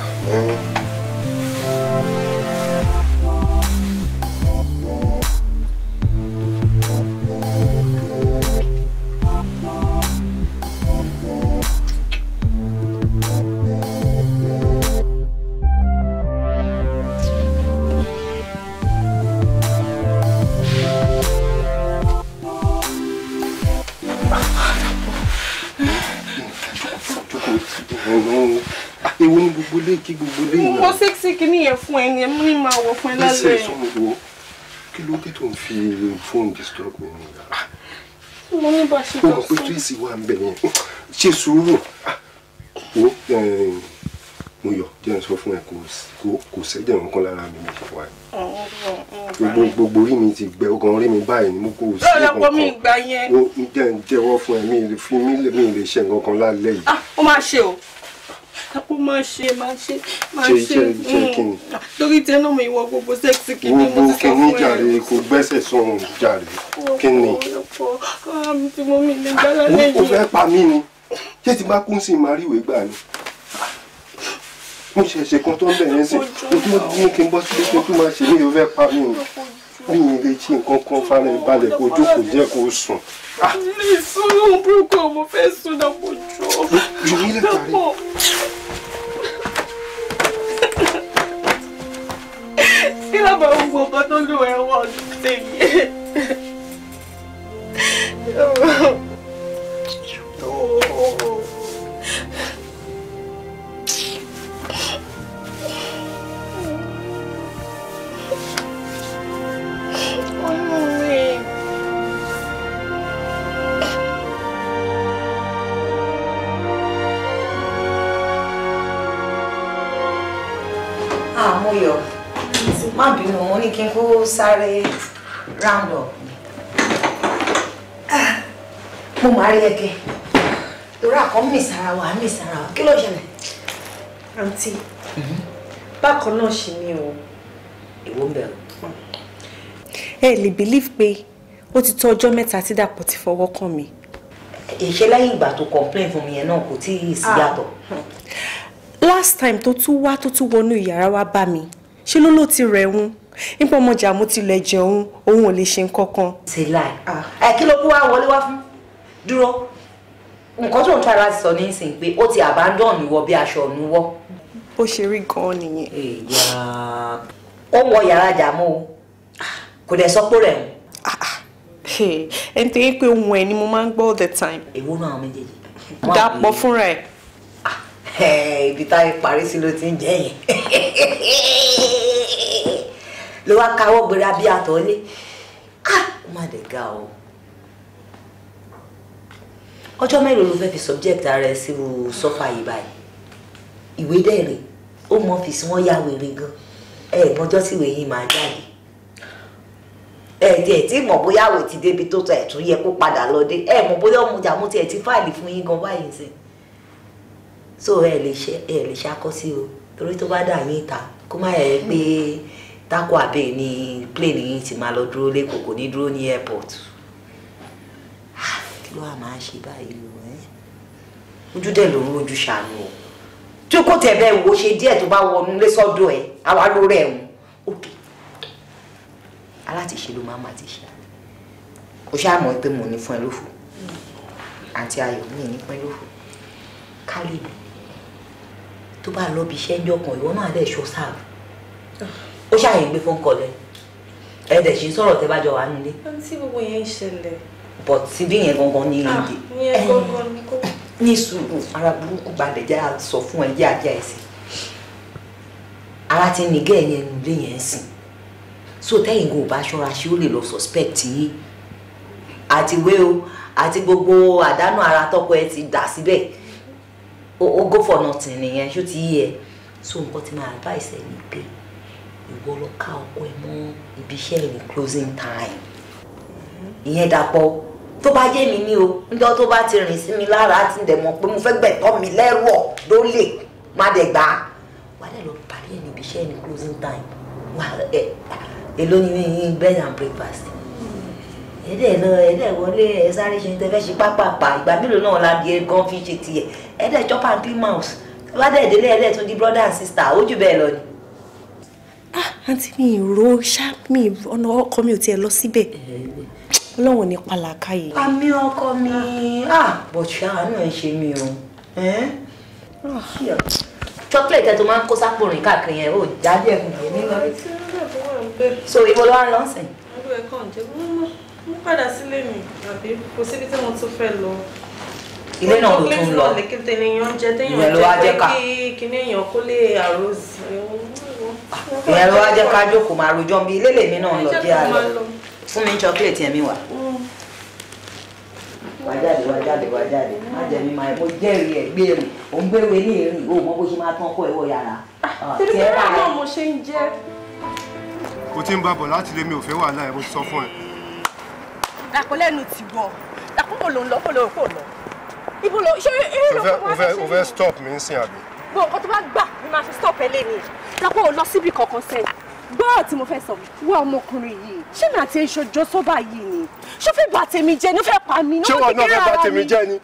kíní yẹn fún ẹ ni mi máa wọ fún ẹ lálẹ́. ṣe ìsọmọwọ kí ló dé tó ń fi fóònù disturb mi ni. Ah, mo ní bá ṣe lọ sọ. o mọ̀ pé tracy wà ń bẹ̀ yẹn ṣe sùúrù ah, o eh, mo yọ jẹ́ n sọ fún ẹ kò sẹ́jẹ̀ nǹkan lára mi ní ìwà yìí gbogbo orí mi ti gbẹ ọkàn orí mi báyìí ni mo kò sí nǹkan kan o jẹ́ n jẹ́wọ́ fún ẹ mi lè ṣe nǹkan kan lálẹ́ yìí. Ah, ó máa ṣe o máa ṣe máa ṣe máa ṣe hmm. lórí tẹ náà mo ìwọ gbogbo sẹ́ẹ̀sì kìíní mo ti sọ fún ẹ. gbogbo kìíní jàre kò gbẹ́sẹ̀ sọ̀rùn jàre kìíní. ọ̀pọ̀ tí ah, mo mi lè gbára lẹ́yìn. o fẹ́ pa mí ni ṣé ti bá kún sí máa ríwèé gbà ni mo ṣẹ̀ṣẹ̀ kan tó ń bẹ̀rẹ̀ sí ojú ní kí n bọ́ sí pé tó máa ṣe mí o fẹ́ pa mí ni bí mi lè ṣe nǹkan kan fara balẹ̀ kó ojú kò jẹ́ kó sùn. Ah! ilé ìsúnú burúkú ọmọ fẹ́ sùn náà mo jọ. yòmí lè parí. Kailan ba ang buka to luwewa? Sige. Oh. Oh. kí n kó sáré round up ni ah, mo máa rí ẹkẹ torí àkọ́ mì sára wa mì sára wa kí ló ṣẹlẹ̀. àǹtí mm-hmm. bákan náà ṣì ni o. èwo ń bẹ̀rù. ẹ lè believe pé ó ti tó ọjọ́ mẹ́ta tí Dàpọ̀ ti fọwọ́ kàn mí. ìṣe lẹ́yìn ìgbà tó complain fún mi yẹn náà kò tí ì sí ah. yàtọ̀. last time tó tún wá tó tún wọnú yàrá wa bá mi ṣe ló ló ti rẹ̀ wọ́n nípa ọmọjà mo ti lọ ẹ̀jẹ̀ òun òun ò lè ṣe nǹkan kan. ṣe láì ah. ẹ kí ló kú wá wọlé wá fún dúró nǹkan tó ń tara sọ ní sìn pé ó ti abandon ìwọ bí aṣọ òun wọ. bó ṣe rí gan-an nìyẹn. ó wọ yàrá àjàmọ́ o kò dẹ̀ sọ́pọ̀ rẹ̀ hùn ẹ̀ ń tẹ́ pé ohun ẹ̀ ni mo máa ń gbọ́ all the time. èwo náà méjèèjì. dàpọ̀ fúnra ah, ẹ̀. ibi táyé parí sí ló ti ń jẹ́ yẹn. [laughs] ló wá káwọ́ gbéra bí àtọ́lé ah ó má dé ga o ọjọ́ mélòó ló fẹ́ fi subject ara ẹ sí sọ́fà yìí báyìí ìwé o ó mọ ọ́fíìsì wọn yá wèrè gan ẹ mọjọ́ tí ìwé yìí máa jáde ẹ tiẹ̀ tí mọ̀ bóyá àwẹ̀ ti débi tó tọ̀ ẹ̀ tún yẹ kó padà lọ dé ẹ mọ̀ bóyá ọmọjà mo tiẹ̀ ti fáìlì fún yín gan báyìí sí so ẹ lè ṣe ẹ lè ṣakọ sí o torí tó bá dà yín ta kó má yẹ pé. Tanko Abe ni plane yìí ti máa lọ dúró lẹ́kọ̀ọ́ kò ní dúró ní airport ah, kí ló wà máa ṣe báyìí o ojú dẹ̀ ló ń rojú ṣàánú o tí kò tẹ̀ bẹ́ẹ̀ wo ṣe díẹ̀ tó bá wọnú lé sọ́dọ̀ ẹ̀ àwa ló rẹ̀ ń ok alátiṣe ló máa máa ti ṣe o ṣáà mọ̀ pé mo ní fún ẹ lófo àti ayọ̀ mi ní pẹ́ lófo kálí mi tó bá lọ bí iṣẹ́ ń jọkàn ìwọ náà dẹ̀ ṣọ́ sáà ó ṣàyẹ̀ gbé fún kọlẹ̀ ẹ dẹ̀ ṣe sọ̀rọ̀ tẹ́ bá jọ wà nílé. àǹtí gbogbo yẹn ń ṣẹlẹ̀. but ti bí yẹn gangan ní ah, èdè. ìyẹn gangan ní kò. ní sùúrù ara burúkú balẹ̀ jẹ́ àsọ fún ẹ jẹ́ ajá ẹ̀sìn ara ti ní gẹ́ ẹ̀yẹn nílé yẹn ń sìn so tẹ́yìn kò bá ṣọ́ra ṣé ó lè lọ suspect yín àti wé o àti gbogbo àdánù ara tọkọ ẹ ti dà síbẹ̀ o go for nothing nìyẹn ṣó ti yí ẹ so nǹkan ti máa advice ẹ ní pé ìwọ ló ká ọkọ ẹ mọ́ ibi iṣẹ́ ìwé closing time ìyẹn dàpọ̀ tó bá jẹ́ mi ní o níjọ́ tó bá ti rìn sí mi lára ti dẹ̀ mọ̀ pé mo fẹ́ gbẹ̀tọ́ mi lẹ́rọ̀ ló lè má dẹ̀ gbà á wà á dẹ̀ lọ parí ẹ̀ níbi iṣẹ́ ní closing time wà ẹ̀ èló ni bread and breakfast ẹ̀dẹ̀ lọ ẹ̀dẹ̀ wọlé ẹ̀ sáré ṣe tẹ́ fẹ́ ṣe pápápá ìgbà mélòó náà la di gan fi ṣe tiẹ̀ ẹ̀dẹ̀ chop and clean mouse ẹ̀ bá dẹ̀ délé ẹ̀dẹ̀ tún di brother and sister ó jù bẹ́ẹ̀ lọ ni ah àǹtí mi ìró sharp mi ọ̀nà ọkọ mi ò tiẹ̀ lọ síbẹ̀ ọlọ́wọ̀n ní pàlàkà yìí. àmì ọkọ mi ah bọ̀ṣà àánú ẹ̀ ṣe mi o ah, chocolate ẹ̀ tó máa ń kó sápò rìn káàkiri yẹn ò jáde ẹ̀kùn yẹn nínú rí so ibo ló wá ń lọ sìn. olú ẹ̀kọ́ ǹjẹ́ mo padà sílé mi àbí kò síbi tí mo tún fẹ́ lọ ilé náà ló tún lọ ìyẹn ló wá jẹ́ kí kíní èèyàn kó lè àròsí ìyẹn ló wá jẹ́ ká jókòó máa rojọ́ bí ilé lèmi náà lọ jẹ́ àlọ́ fún mi chocolate yẹn mi wà. Mm. wà jáde wà jáde wà jáde má jẹ mi máa mo jẹ́rìí ẹ̀ gbé rìn òun gbéwé ní ìrìn o mọ bó ṣe máa tán kọ́ ẹ̀wọ̀ yàrá. Ah, ah, tèmi bá náà mo ṣe ń jẹ́. o ti ń bá bọ̀ láti lé mi ò fẹ́ wàhálà ẹ̀ mo ti sọ fún ẹ. dàpọ̀ lẹ́nu ti wọ̀ dàpọ̀ kò ló ń lọ kò ló ń kò lọ. ibo lo ṣé irú gbogbo nǹkan tó bá gbà ni màá fi stop ẹ lẹ́nu yìí lọ́pọ̀ ò lọ síbi kankan sẹ́yìn gbọ́rọ̀ tí mo fẹ́ sọ wá ọmọkùnrin yìí ṣé mi àti èso jọ sọ́ba yìí ni ṣó fẹ́ bà tèmi jẹ́ ni ó fẹ́ pa mí. ṣé wọn náà fẹ́ bà tèmi jẹ́ ni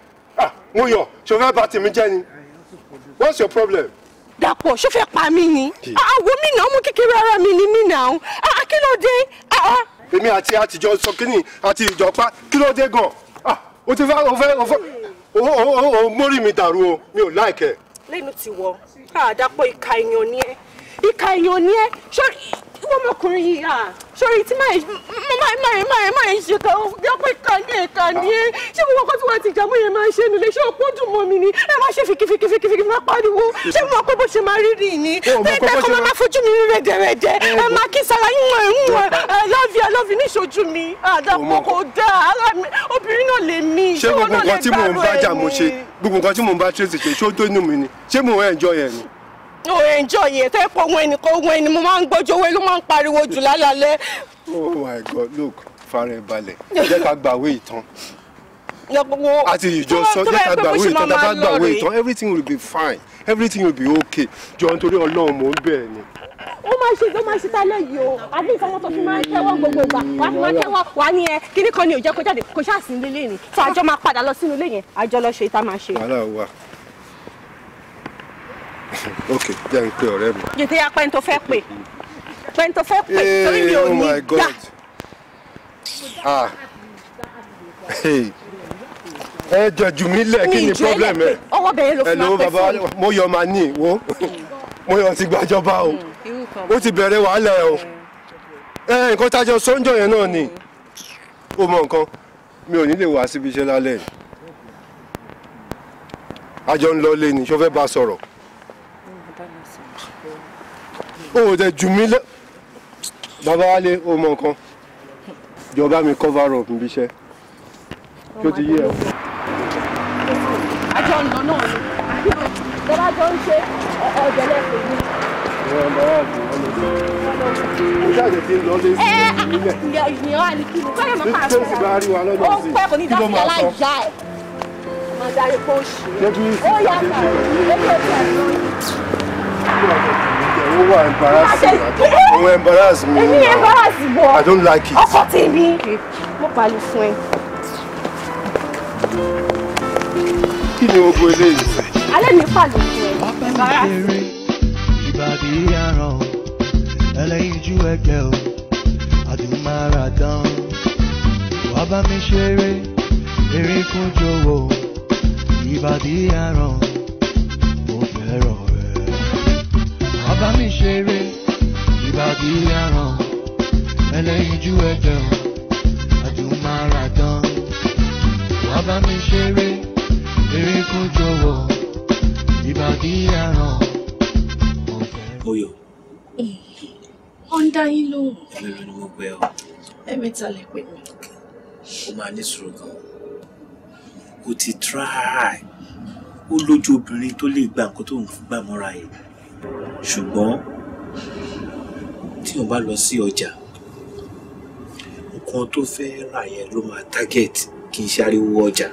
mo yọ ṣó fẹ́ bà tèmi jẹ́ ni what's your problem. Dàpọ̀ ṣó fẹ́ pa mí ni àwo mi náà mú kékeré ara mi ni mí náà ah, ah, kí ló dé. Ah, èmi àti àtijọ́ sọ kínní àti ìjọba kí ló dé gan-an o ti fẹ́ o fẹ́ o fẹ́ o mórí mi dàrú o mi ò láìkẹ́ lẹ́nu ti wọ àdàpọ̀ ah, ìka èèyàn ni ẹ́ ìka èèyàn ni ẹ sórí wọ́n mọkùnrin yìí à sórí tí máa máa máa máa máa ṣe kàn yọ pé kàn ní ẹ̀ka ni ẹ ṣé gbogbo ọkọ tí wọ́n ti jàmú yẹn máa ṣe nílé ṣé ọpọ́ dùn mọ́ mi ni ẹ má ṣe fìkìfìkìfìkì má pariwo ṣé mo kó bó ṣe máa rí rí ni bẹ́ẹ̀ bẹ́ẹ̀ kọ́ máa fojú mi rẹ̀dẹ̀rẹ̀dẹ̀ ẹ máa kí sara yíwọ̀n ẹ̀wọ̀n ẹ lọ́ọ̀fì ẹ lọ́ọ̀fì níṣojú mi àdàpọ̀ kò dáa obìnrin náà lè mí ṣé o enjoy yẹ tẹ́ pọ̀ ohun ẹnì kan ohun ẹni mo máa ń gbọ́jọ owó ló máa ń pariwo jù lálálẹ́. oh my god look fara balẹ̀ jẹ́ ká gbàwé ìtàn àti ìjọsọ jẹ́ ká gbàwé ìtàn tá a bá gbàwé ìtàn everything will be fine everything will be okay jọ nítorí ọlọ́run mò ń bẹ̀ ẹ́ ni ó máa ṣe ó máa ṣe tálẹ̀ yìí o àbí nǹkan wọn tó fi máa ń tẹ́wọ́ gbogbo ìgbà wàá fi máa tẹ́wọ́ wàá ní ẹ kíní kan ni ò jẹ́ kó jáde kó ṣáà sí ilé ni fún àjọ máa padà lọ sínú ilé yẹn àjọ lọ ṣe ìta máa ṣe. wàhálà wà ok jẹ́ n pe ọ̀rẹ́ mi. jètè ya pẹ́ńtò fẹ́ pè pẹ́ńtò fẹ́ pè eh, torí mi ò ní oh gbà. ah ẹ jọ jù mí lẹ kí ni problem ẹ hello baba mo yọ ma ní wo mo yọ ti gbàjọba o hmm, ó ti bẹ̀rẹ̀ wàhálà ẹ o ẹ eh. eh, nǹkan tájọ sọ́njọ́ yẹn náà ni O mọ nǹkan mi ò ní lè wá síbi iṣẹ́ lálẹ́ àjọ ń lọ lé ni ṣó bá sọ̀rọ̀ o dẹ̀ jù mí lẹ́. bàbá wálé o mọ nǹkan jọba mi cover up níbi iṣẹ́ kí o ti yé ẹ. àjọ ọ̀nà náà ni bàbá jọ ń ṣe ọ̀dẹ̀ lẹ́kọ̀ọ́ ah, ah, ni. Ẹ ìyẹn wà ní ó wà embarrassing ó embarrass me. You embarrass me. i don't like it ọkọ tèmi mo pàlù fún ẹ. kí ni gbogbo eléyìí. alẹ́ mi pàlù fún ẹ embarrass. ìbàdí aràn ẹlẹ́yinjú ẹgbẹ́ o àdùnmáradán wàá bá mi ṣeré erékùnjòwò ìbàdí aràn mo fẹ́ràn bàbá mi ṣeré ìbàdí aràn ẹlẹ́yinjú ẹ̀jẹ̀ o àjùmọ̀ràdán bàbá mi ṣeré ìbàdí aràn. Oyọ̀. wọ́n ń dá yín lóhùn. ẹ̀mí ni mo pẹ́ ọ. ẹ̀mí ta lè pè mí. ó máa ní sùúrù gan-an ó ti try ó lójú obìnrin tó lè gba nǹkan tó ń gbà mọ́ra yìí ṣùgbọ́n tí o bá lọ sí ọjà nǹkan tó fẹ́ rà yẹn ló máa target kì í ṣariwo ọjà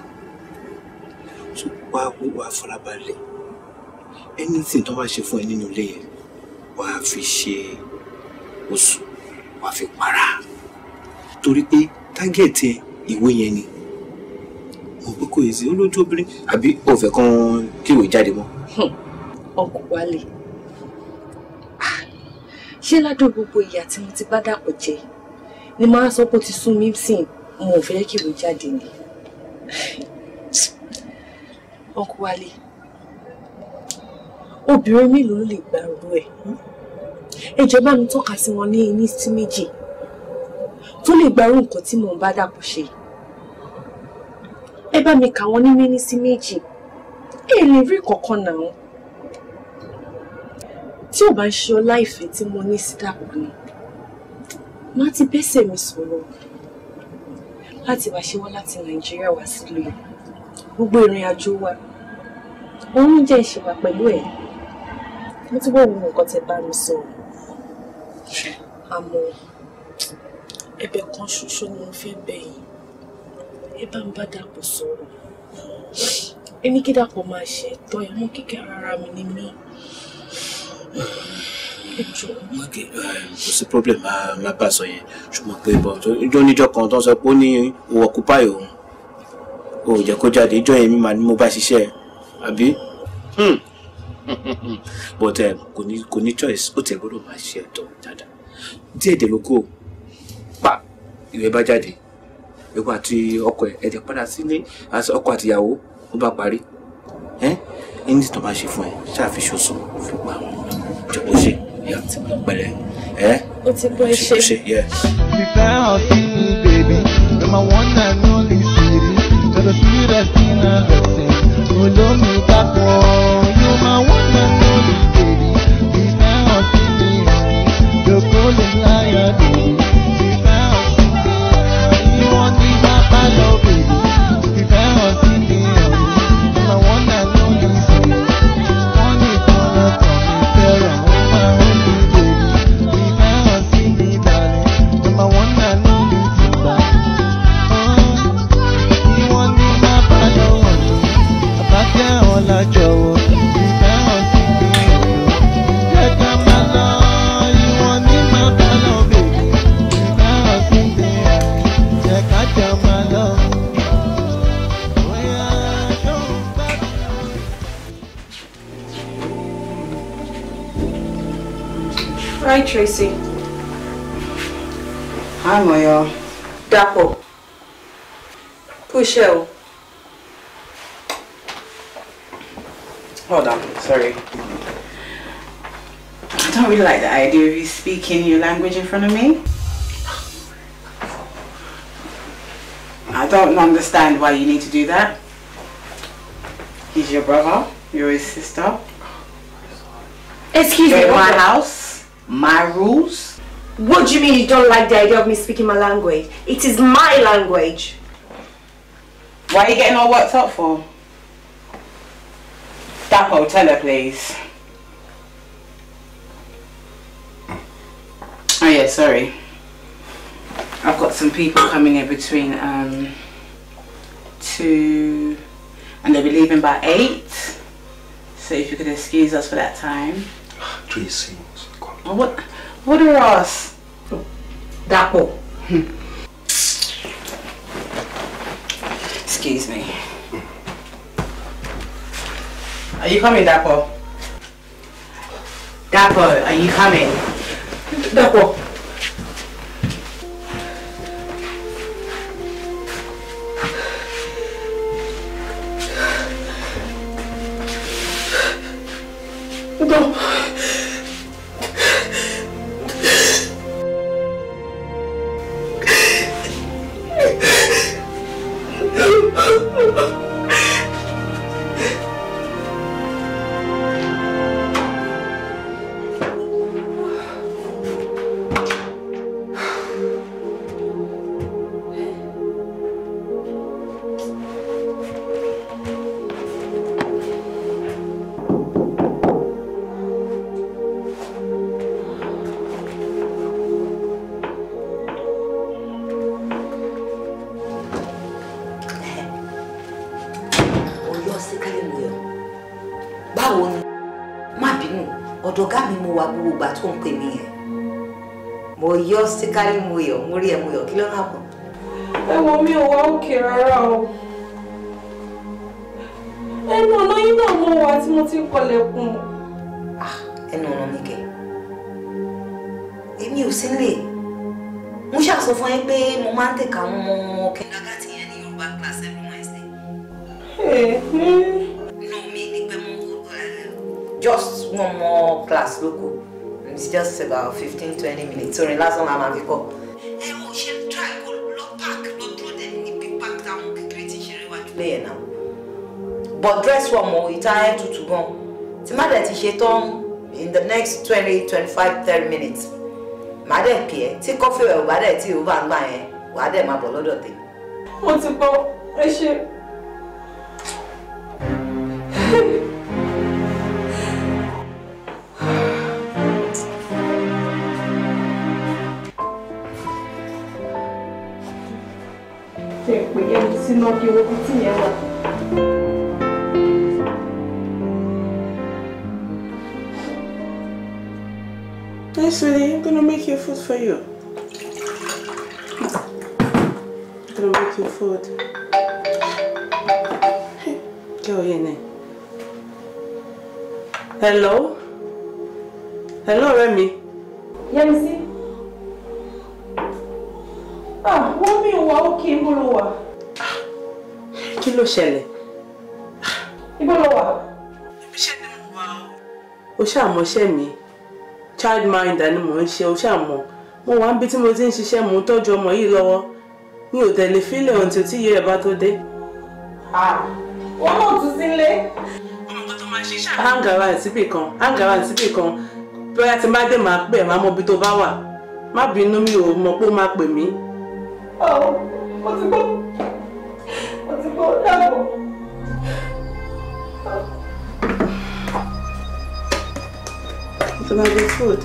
tó wá wá farabalẹ̀ anything tó bá ṣe fún ẹ nínú ilé yẹn wà á fi ṣe oṣù wà á fi para torí pé target ẹ ìwé yẹn ni mo pé kò yẹ sí olójú obìnrin àbí òfẹ kan kíwèé jáde mọ́. ọkọ wálé ṣé ládùn gbogbo ìyà tí mo ti bá dàpọ̀ jẹ ni màá sọ pé ó ti sún mi sìn mo ò fẹ́ kí ìwé jáde ni. ọkọ wálé obìnrin mélòó ló lè gba ọ̀rọ̀ ẹ̀ ẹ̀jẹ̀ bá mi tọ́ka sí wọn ní ẹni sí méjì tó lè gbarú nǹkan tí mò ń bá dàpọ̀ ṣe ẹ bá mi kà wọ́n ní mínísí méjì ẹ lè rí kọ̀ọ̀kan náà tí ò bá ṣe ọlá ìfẹ́ tí mo ní sí Dàpọ̀ ni má ti bẹ́sẹ̀ mi sọ̀rọ̀ láti wá ṣe wá láti Nàìjíríà wá sílùú gbogbo ìrìn àjò wa òun jẹ́ ìṣèwà pẹ̀lú ẹ̀ mo ti wọ́n wo nǹkan tẹ́ bá mi sọ àmọ́ ẹ̀bẹ̀ kan ṣoṣo ni mo fẹ́ bẹ̀ yín ẹ bá ń bá Dàpọ̀ sọ̀rọ̀ ẹni kí Dàpọ̀ máa ṣe ẹ̀tọ́ ẹ̀ mọ́ ara mi ni mí kò sí problem má bà sọ yẹn ṣùgbọ́n pé bọ̀ ìjọ níjọ kan tó ń sọ pé ó ní òun ọ̀kúpáì òun ò jẹ́ kó jáde ìjọ yẹn mi mà ní mo bá ṣiṣẹ́ àbí hmm. [laughs] but eh, kò ní kò choice ó tẹ̀ gbọ́dọ̀ máa ṣe ẹ̀tọ́ dáadáa díẹ̀ dẹ̀ ló kó pa ìwé bá jáde ìwé àti ọkọ ẹ̀ ẹ̀jẹ̀ padà sílé ọkọ àtìyàwó ó bá parí ẹ́ ẹ́ ní tí tó máa ṣe fún ẹ ṣáà fi ṣoṣo fi pa àwọn jọ̀wọ́ ṣe ìyá ti mú pẹ̀lẹ́ ẹ́ ó ti bọ́ ẹ ṣe ṣe yẹ. without you baby you're my one and only sweetie you're the sweetest thing I've ever seen olómi bá pọ̀. Hi, Tracy. Hi, Moya. Dapo. Pushel. Hold on, sorry. I don't really like the idea of you speaking your language in front of me. I don't understand why you need to do that. He's your brother, you're his sister. Excuse You're me, my house my rules? What do you mean you don't like the idea of me speaking my language? It is my language. Why are you getting all worked up for? Dapo, tell her please. Oh yeah, sorry. I've got some people coming in between um, two and they'll be leaving by eight. So if you could excuse us for that time. Tracy. What, what are us? Dapo. Excuse me. Are you coming, Dapo? Dapo, are you coming? Dapo. it. just about fifteen twenty minutes orin lásán la máa fi kọ. ẹ mo ṣe try Go, lọ park ló dúró dé níbi park táwọn kékeré ti ṣeré wájú lẹ́yìn now. but dress form o ìta ẹ to go. It's má that she ṣe in the next twenty twenty five thirty minutes má dẹ̀ pè ẹ́ tí kọ́fí ẹ̀ ò bá dẹ̀ tí ò bá ń gbà yẹn wàá dẹ̀ máa bọ̀ lọ́dọ̀ tẹ̀ pé ẹ̀rù sínú kí owó tí yẹn wà. Hey, sweetie, I'm gonna make you food for you. I'm gonna make you food. Hey, go in Hello? Hello, Remy? Yemisi? Yeah, wọ́n mi wà ókè ibo ló wà. kí ló ṣẹlẹ̀. ibo ah. ló wà. ibiṣẹ́ ni mo wà o. o ṣàmọṣẹ́ mi childminder ni mò ń ṣe o ṣàmọ mo wà níbi tí mo ti ń ṣiṣẹ́ mò ń tọ́jú ọmọ yìí lọ́wọ́ mi ò tẹ̀lé fílẹ̀ ohun tí o ti yẹ ẹ̀ bá tó dé. Ah, wọ́n náà tún sílé. ọmọ kan tó máa ṣe ṣáà. hangara síbì kan hangara síbì kan bóyá tí má dé máa pè máa mọ ibi tó bá wà má bínú mi ò mọ pé ó máa pè mí. 啊！我怎么？我怎么让我？怎么就输了？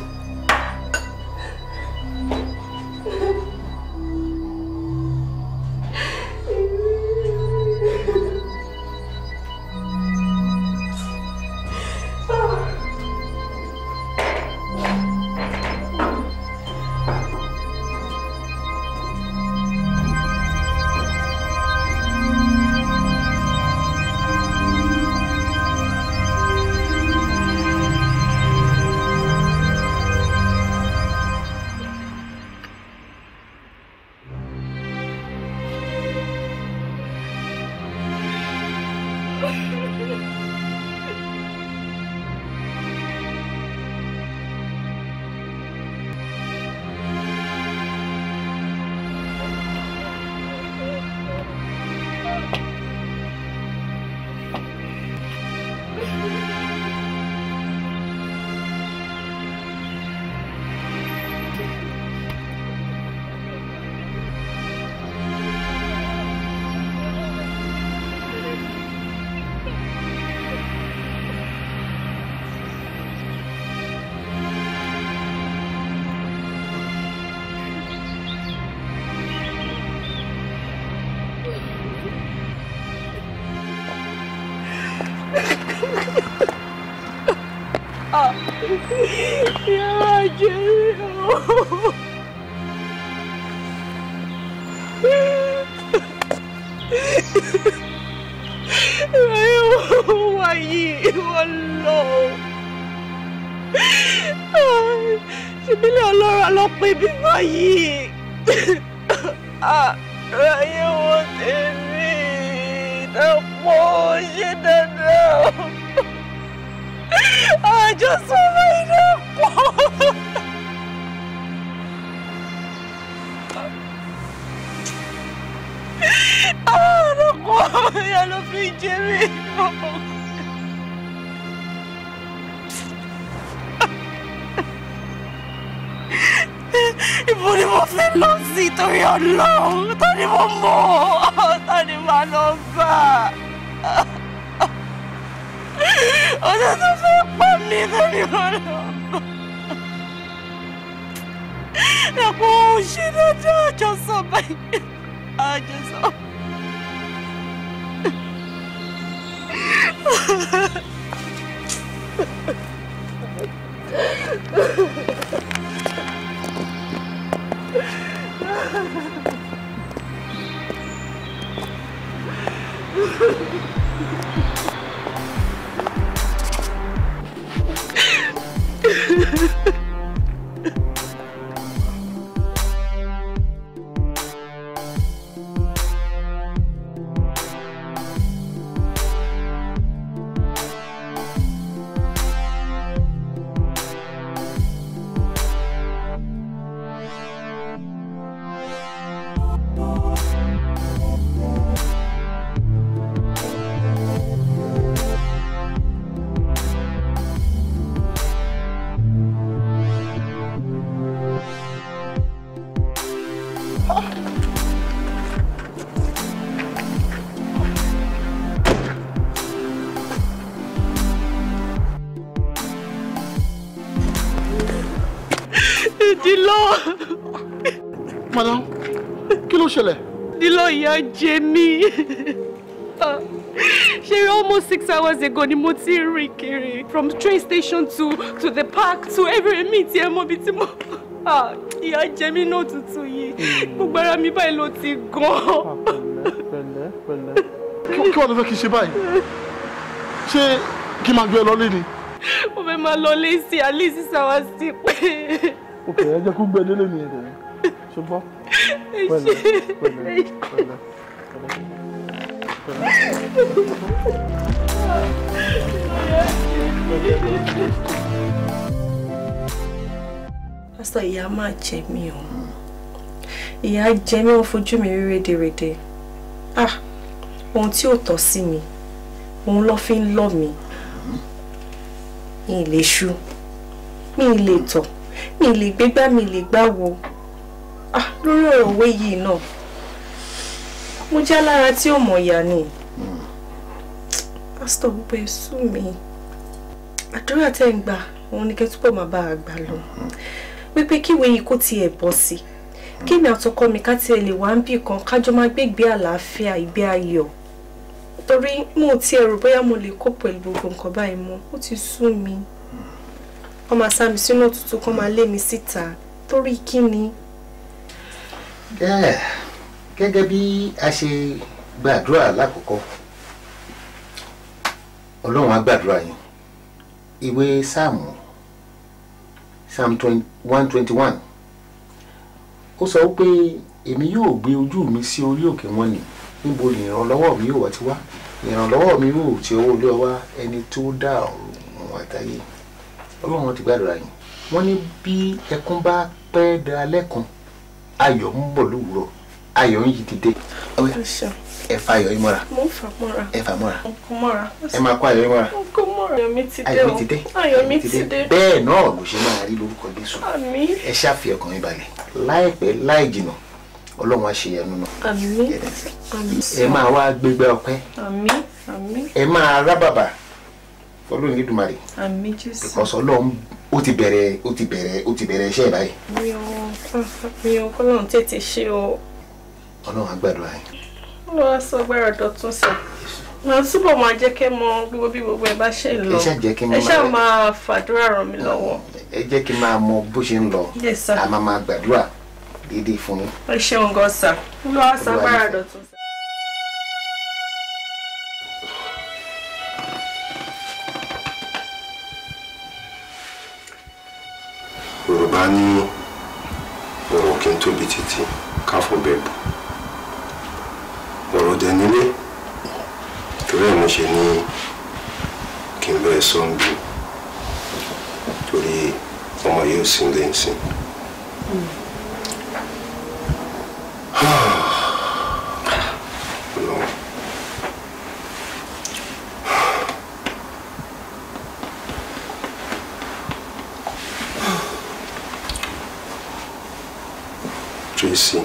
padà kí ló ṣẹlẹ̀. nílò ìyá jẹ mí ṣe almost six hours ago ni mo ti rìn kiri from train station to to the park to every meet ẹ mọ ibi tí mo ah, ìyá jẹ mí náà tuntun yìí gbogbo ara mi báyìí ló ti gan. pẹ̀lẹ́ pẹ̀lẹ́ pẹ̀lẹ́. kí wàá ló fẹ́ kí n ṣe báyìí ṣé kí n máa gbé ẹ lọ́lé ni. mo fẹ́ máa lọ lé sí i at least pé. o kẹ̀ jẹ́ kó gbẹ lélẹ̀ mi ẹ̀dẹ̀ ṣùgbọ́n pẹ̀lẹ́ pẹ̀lẹ́ pẹ̀lẹ́ pẹ̀lẹ́. pásítọ̀ ìyá máa jẹ mí o ìyá jẹ mí wọ́n fojú mi rí rédèrèdè ah ohun tí ò tọ́ sí mi òun ló fi ń lọ̀ mí mi ì lè ṣu mi ì lè tọ̀ mi ì lè gbégbá mi ì lè gbáwo. Ah, lórí ọ̀rọ̀ òwe yìí náà mo já lára tí ò mọ̀ ìyá ni pásítọ̀ gbogbo ẹ̀ sú mi àdúrà tẹ́ ń gbà òun ni kẹ́ túbọ̀ máa bá a gbà lọ wípé kíwé yìí kó tiẹ̀ bọ́ sí i kí ni àtọkọ mi ká tiẹ̀ lè wá ń bì kan kájọ máa gbégbé àlàáfíà ìgbé ayọ̀ torí mo ti ẹ̀rù bóyá mo lè kó pẹ̀lú gbogbo nǹkan báyìí mọ́ ó ti sú mi wọ́n máa sá mi sínú òtútù kán máa lé mi síta torí kí ni gẹ́gẹ́ bí a ṣe gbàdúrà lákòókò ọlọ́run á gbàdúrà yín ìwé sáàmù psalm one twenty one ó sọ pé èmi yóò gbé ojú mi sí orí òkè wọn nì níbo ni ìrànlọ́wọ́ mi yóò wá ti wá ìrànlọ́wọ́ mi yóò ti owó ilé ọwá ẹni tó dá ọ̀run àtàyè ọlọ́run ti gbàdúrà yín wọ́n ní bí ẹkún bá pẹ́ da lẹ́kùn ayọ̀ ń bọ̀ lówùúrọ̀ ayọ̀ ń yí dìde. ẹ fa ayọ̀ yín mọ́ra. mo ń fà mọ́ra. ẹ fà mọ́ra. nǹkan mọ́ra. ẹ máa kó ayọ̀ yín mọ́ra. nǹkan mọ́ra. ayọ̀ mi ti dé o ayọ̀ mi ti dé. ayọ̀ mi ti dé. bẹ́ẹ̀ náà ló ṣe máa rí lórúkọ Jésù. àmín. ẹ ṣàfihàn ọkàn yín balẹ̀ láìpẹ́ láì jìnà ọlọ́run á ṣe yẹnu náà. àmín àmín. ẹ máa wá gbégbá ọpẹ́. àmín àmín. ẹ máa rábàbà fọlọ́run ní dùmarè. àmín Jésù ó ti bẹ̀rẹ̀ ó ti bẹ̀rẹ̀ ó ti bẹ̀rẹ̀ iṣẹ́ báyìí. mi ò mi ò kọ́ lóun tètè ṣe o. ọlọ́run á gbàdúrà yín. ó lọ́wọ́ sọ gbára dọ̀tún sọ màá túbọ̀ máa jẹ́ kẹ́ mọ gbogbo bí gbogbo ẹ bá ṣe ń lọ ẹ ṣáà máa fàdúrà ràn mí lọ́wọ́. ẹ jẹ́ kí n máa mọ bó ṣe ń lọ a máa máa gbàdúrà déédéé fún yín. ẹ ṣeun gan sà ń lọ́wọ́ sọ gbára dọ̀tún. yorùbá ní ọ̀rọ̀ kí n tóbi títí káfọ̀bẹ̀ bù ọ̀rọ̀ dẹ̀ nílé torí ẹ̀ mo ṣe ní kí n bẹ́ẹ̀ sọ ń bù torí ọmọ yóò sin lẹ́yìn sin. ṣe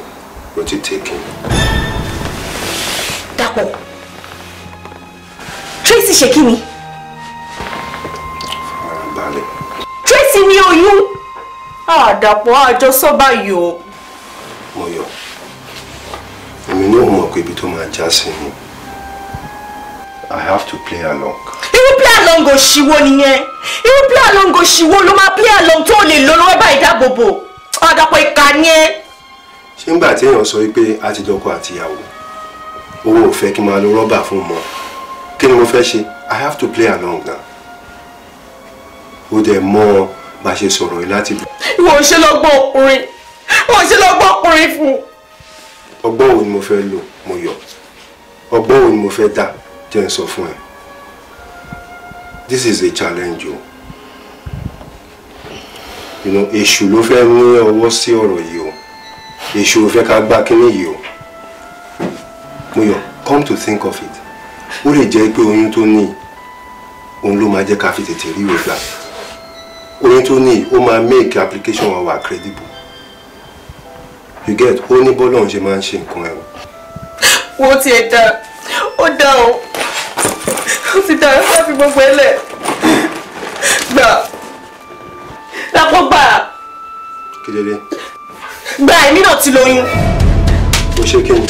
what mo taking? Dapo, dàpọ̀ Tracy ṣe kí ni. farabalẹ̀. Tracy ni oyún àdàpọ̀ àjọsọ báyìí o. mo yọ èmi náà mọ̀ pé ibi tó máa já sí ni I have to play along. He will play along òṣìwò He will play along òṣìwò ló máa play along tó lè lọ lọ́wọ́ báyìí Ah, Dapo ìkà ni ẹ́ ṣé ńgbà tí èèyàn sọ wípé a ti dọkọ àtìyàwó owó ò fẹ́ kí n máa lo rọ́bà fún mọ́ kí ni mo fẹ́ ṣe i have to play along now ó dẹ̀ mọ́ bá ṣe sọ̀rọ̀ yìí láti. ìwọ ṣe lọ gbọ́ ọkùnrin ìwọ ṣe lọ gbọ́ ọkùnrin fún. ọgbọ́n wo ni mo fẹ́ lò mo yọ ọgbọ́n wo ni mo fẹ́ dá jẹ́ n sọ fún ẹ this is a challenge o you know èṣù ló fẹ́ mú ọwọ́ sí ọ̀rọ̀ yìí o èṣù ò fẹ́ ká gbá kínní yìí o Muyọ̀ come to think of it ó lè jẹ́ pé oyún tó ní òun ló máa jẹ́ ká fi tètè rí ìwé oyún tó ní ó máa make application wa wà credible you get ó ní bọ́lá òun ṣe máa ń ṣe nǹkan ẹ̀ o. wo ti ẹ dá ó dá o ó ti dá ẹ fi gbogbo ẹ lẹ gbà lápò gbà. kí gba èmi náà ti lóyún. mo ṣe kí ni.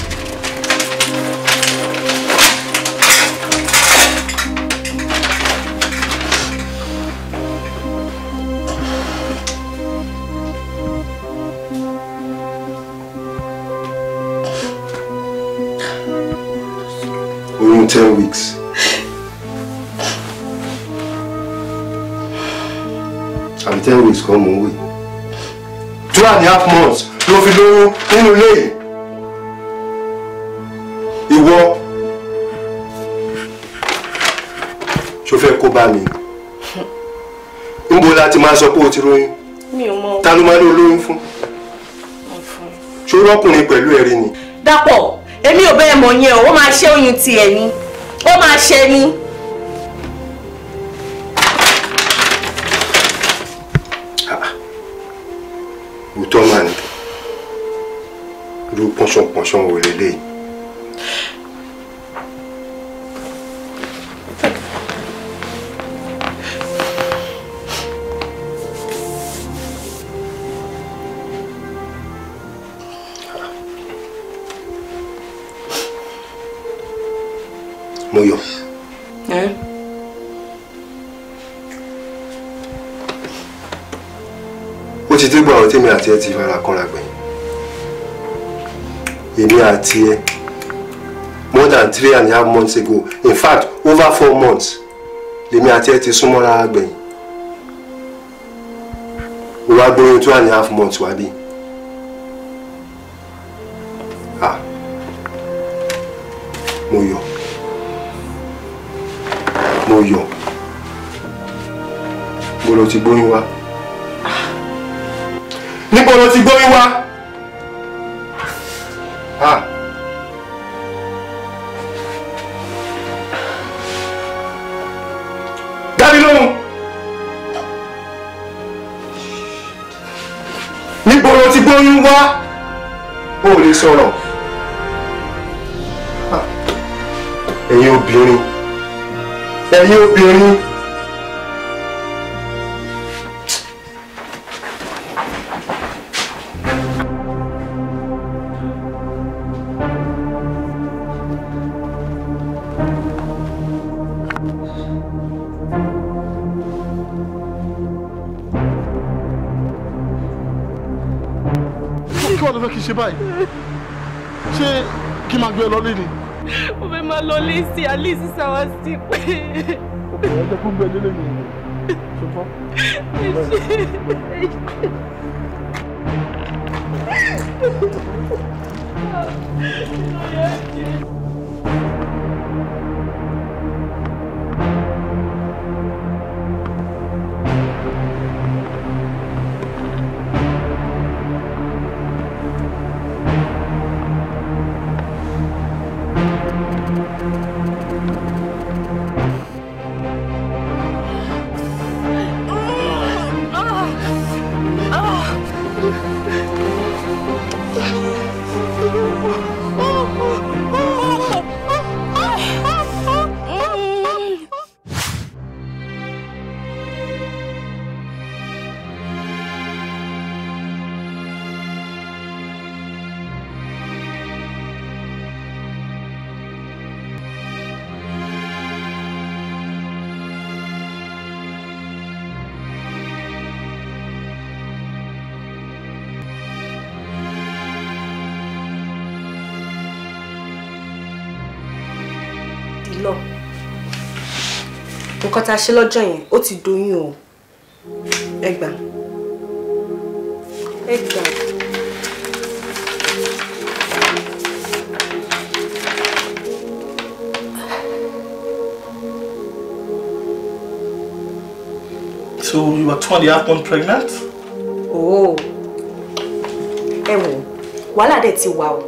ten weeks. àbí ten weeks Come mò ń two and a half months ló fi lóyún nínú ilé yìí ìwọ ṣó fẹ́ kó bá mi níbo la ti máa sọ pé o ti lóyún ta ló máa ní olóyún fún ṣó rọ́kùnrin pẹ̀lú ẹ̀rí ni. Dàpọ̀ èmi ò bẹ́ẹ̀ mọ̀ yẹn o ó máa ṣe oyún tiẹ̀ ni ó máa ṣe ni. Thomas irú pensons vous mo tó gbọ́ àwọn tèmi àti ẹ ti fara kanra gbẹ̀yìn èmi àti ẹ more than three and a half months ago in fact over four months lèmi àti ẹ ti súnmọ́ra gbẹ̀yìn mo wá gbóyún two and a half months wá bí ah mo yọ mo yọ mo lọ ti gbóyún wá níbo ló ti gbórí wá. dábì lóhùn níbo ló ti gbórí wá ó lè sọ̀rọ̀ ẹ̀yin obìnrin ẹ̀yin obìnrin. Felizes são assim. tá a ṣe lọ́jọ́ yẹn ó ti doyún o ẹ gbà So you were twenty half months pregnant? Oh. Ẹ wò, wàhálà dẹ̀ ti wà o.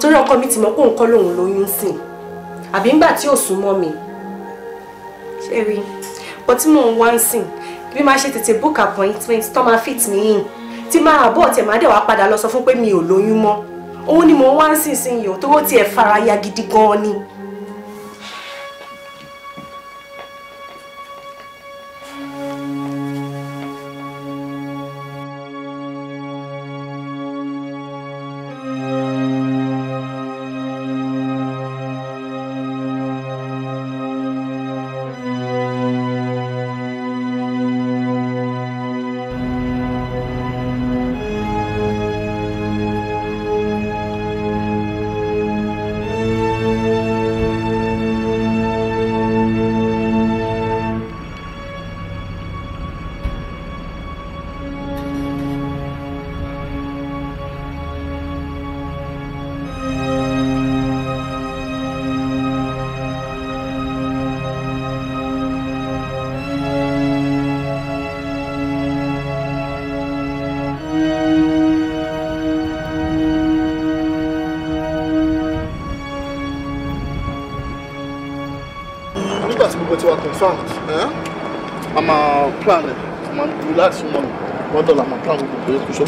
Torí ọkọ mi ti mọ̀ pé òun kọ́ lòun lóyún sìn. Àbí ńgbà tí ò sún mọ́ mi, But tí mò ń wá ń sìn bí máa ṣe book appointment tó máa fit me in tí máa bọ̀ tẹ̀ máa dẹ̀ wá padà lọ sọ fún pé mi ò lóyún mọ́ òun ni mò ń wá ń sìn sìn yìí ò tó fara ya gidi gan ni.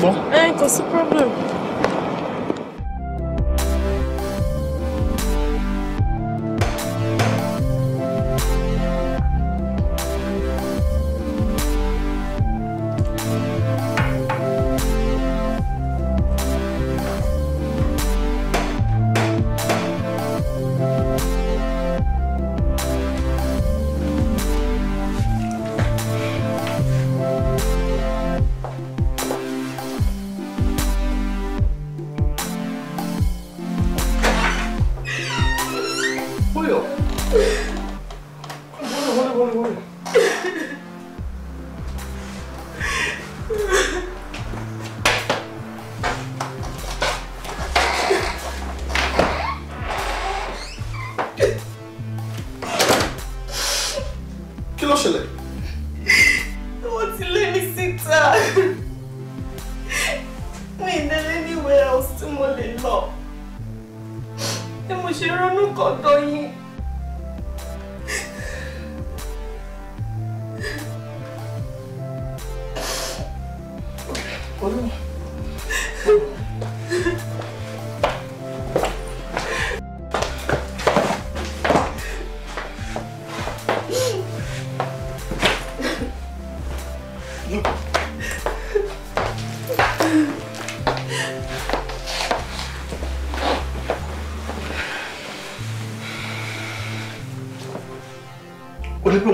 bom? É, tá super.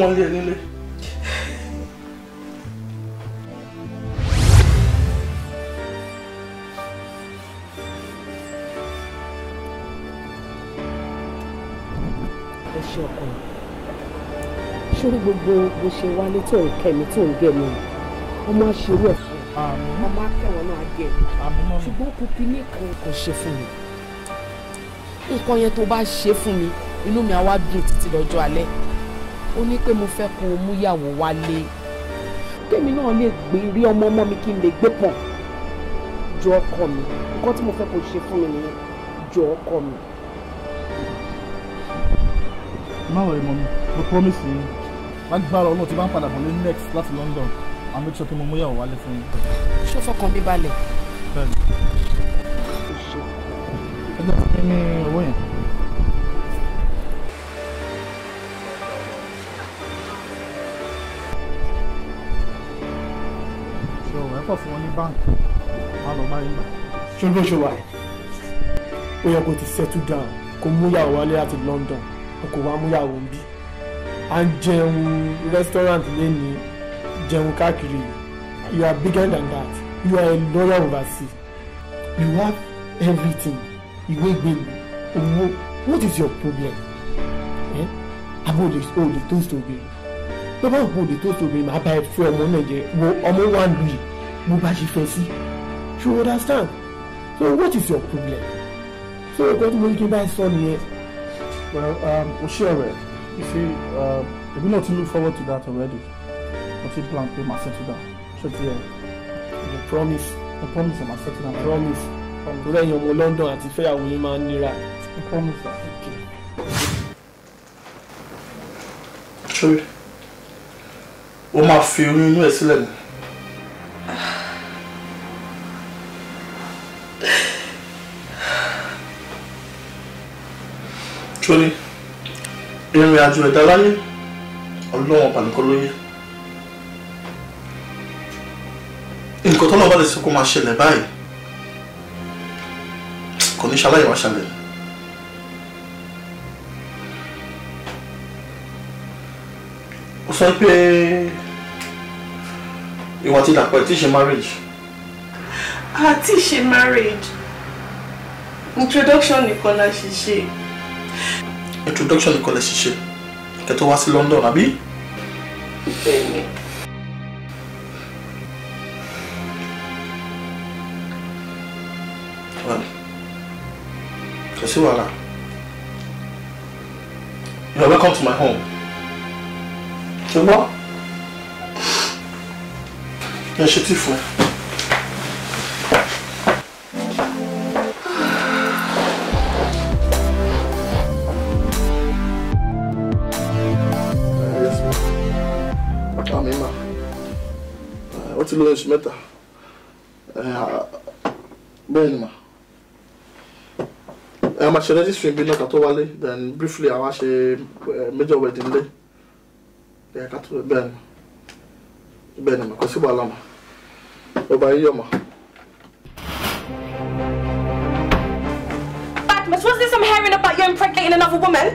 wọ́n lé ẹ nílé. ẹ ṣe ọkọ ṣórí gbogbo bó ṣe wálé tó ń kẹmi tó ń gẹmi ọmọ àṣírí ẹ fún ọmọ akẹwọn náà gẹ ṣùgbọ́n kò kí ní kan kò ṣe fún mi nǹkan yẹn tó bá ṣe fún mi inú mi á wá dùn títí lọ́jọ́ alẹ́ ó ní pé mo fẹ́ kó o mú ìyàwó wálé kémi náà lè gbé rí ọmọ ọmọ mi kí n lè gbé pọ̀n jọ ọkọ mi nǹkan tí mo fẹ́ kó o ṣe fún mi nìyẹn jọ ọkọ mi. má wọ̀rẹ́ mọ́ mi mo promise yín lágbára ọlọ́run tí bá ń padà bọ̀ lé next láti London i make sure pé mo mú ìyàwó wálé fún yín. ṣé fọkàn bí báńkì má lọ máa yíyàn. ṣé ló ṣe wà ó yẹ kó ti settle down kó múyàwó wálé láti London kó wá múyàwó ń bí à ń jẹun restaurant lẹ́ni jẹun káàkiri you are bigger than that you are a lawyer overseas you have everything ìwé ìgbélu owó what is your problem àbò olè tó sóbìrì tó bá òkú olè tó sóbìrì máa bá ẹ fún ọmọ nàìjíríà wo ọmọ wa lù yìí bó bá ṣe fẹ́ sí you understand so what is your problem so nǹkan tí mo ní kí n bá ẹ sọ nìyẹn. well um, o ṣe ọ̀rẹ́ you see um, èmi náà ti look forward to that already mo ti plan pé my settle down ṣé ti ẹ. the promise I promise of my settle down promise ọ̀rọ̀ ẹ̀yìn ọmọ London àti fẹ́yàwó yín máa ń nira. the promise that. okay. ṣé o máa fi oyún inú ẹ sílẹ̀ ni. sórí ìrìn àjò ẹ̀dá láyé ọlọ́wọ́n pàmíkọ́ lóye nǹkan tó náà bá lè sọ kó máa ṣẹlẹ̀ báyìí kò ní ṣaláyè wá ṣẹlẹ̀ ó sọ pé ìwà ti dàpọ̀ tí ṣe marriage. àti ṣe marriage introduction nìkan la ṣe ṣe. introduction de Qu'est-ce Que tu vas à London, Abby? Ouais. Voilà. You are welcome to my home. Tu vois? Je suis fou. ti lọ oṣù mẹ́ta bẹ́ẹ̀ ni mà ẹ máa ṣe registry bí náà ká tó wálé then briefly àwa ṣe major wedding lé ẹ ká tó bẹ́ẹ̀ ni bẹ́ẹ̀ ni mà kò sí wàhálà mà ọba yín yọ̀ mà. Patmos, was this I'm hearing about you impregnating another woman?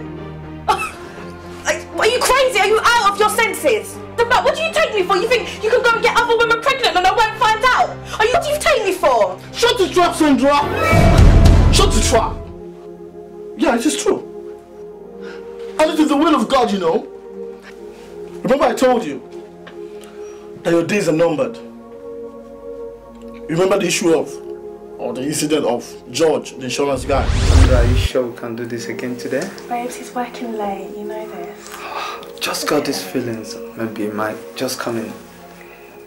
[laughs] Are you crazy? Are you out of your senses? about? What do you take me for? You think you can go and get other women pregnant and I won't find out? Are you, what do you take me for? Shut the trap, Sandra! Shut the trap! Yeah, it is true. And it is the will of God, you know. Remember I told you that your days are numbered. Remember the issue of, or the incident of George, the insurance guy. Sandra, are you sure we can do this again today? Babes, he's working late, you know that just got these feelings. Maybe it might just come in.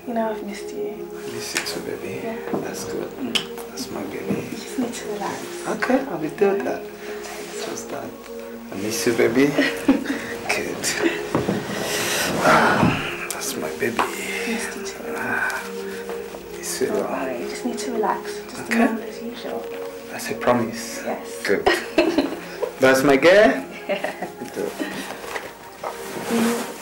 You know, I've missed you. I miss you too, baby. Yeah. That's good. Mm. That's my baby. You just need to relax. Okay, I will be doing that. Just that. I miss you, baby. [laughs] good. Ah, that's my baby. missed you too. Ah, miss you. Don't worry. You just need to relax. Just okay. as usual. That's a promise. Yes. Good. [laughs] that's my girl. Yeah. Good. Thank you.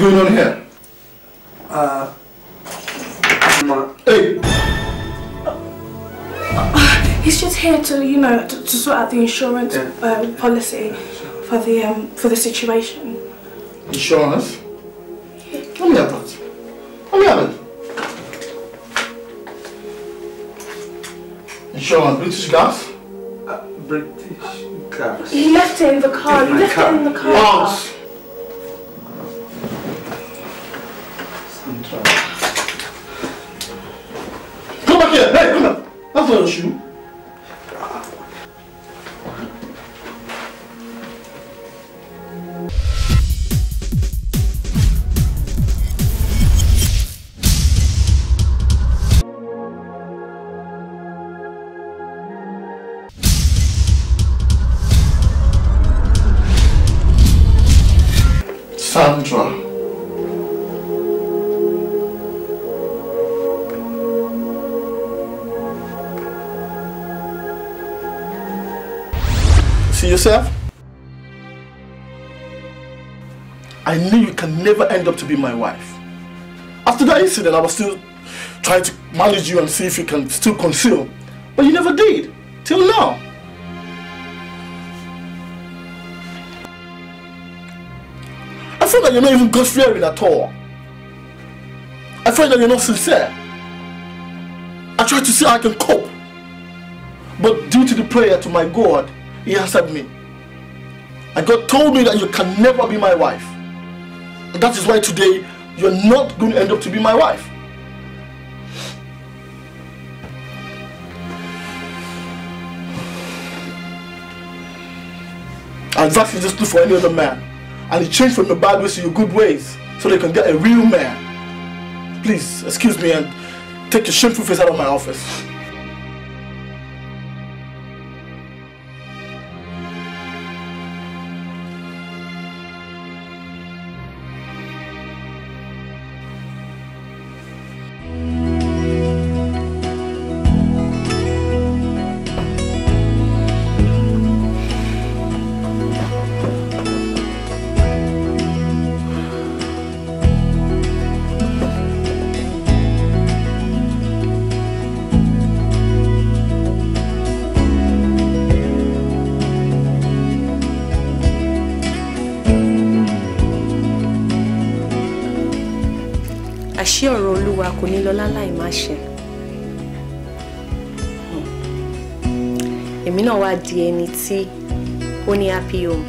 What's going on here? Uh, Hey! Uh, he's just here to, you know, to, to sort out the insurance yeah. uh, policy for the um, for the situation. Insurance? Yeah. Let me have that. Let me have it. Insurance, British gas? Uh, British gas. He left it in the car. In he left car. it in the car. Mouse. to be my wife. After that incident, I was still trying to manage you and see if you can still conceal. But you never did, till now. I feel that you're not even God-fearing at all. I feel that you're not sincere. I tried to see how I can cope. But due to the prayer to my God, he answered me. And God told me that you can never be my wife. And that is why today you're not going to end up to be my wife. And that is just truth for any other man. And he changed from your bad ways to your good ways so they can get a real man. Please, excuse me and take your shameful face out of my office. ṣé ọ̀rọ̀ olúwa kò ní lọ láláì má ṣe èmi náà wá di ẹni tí ó ní happy home.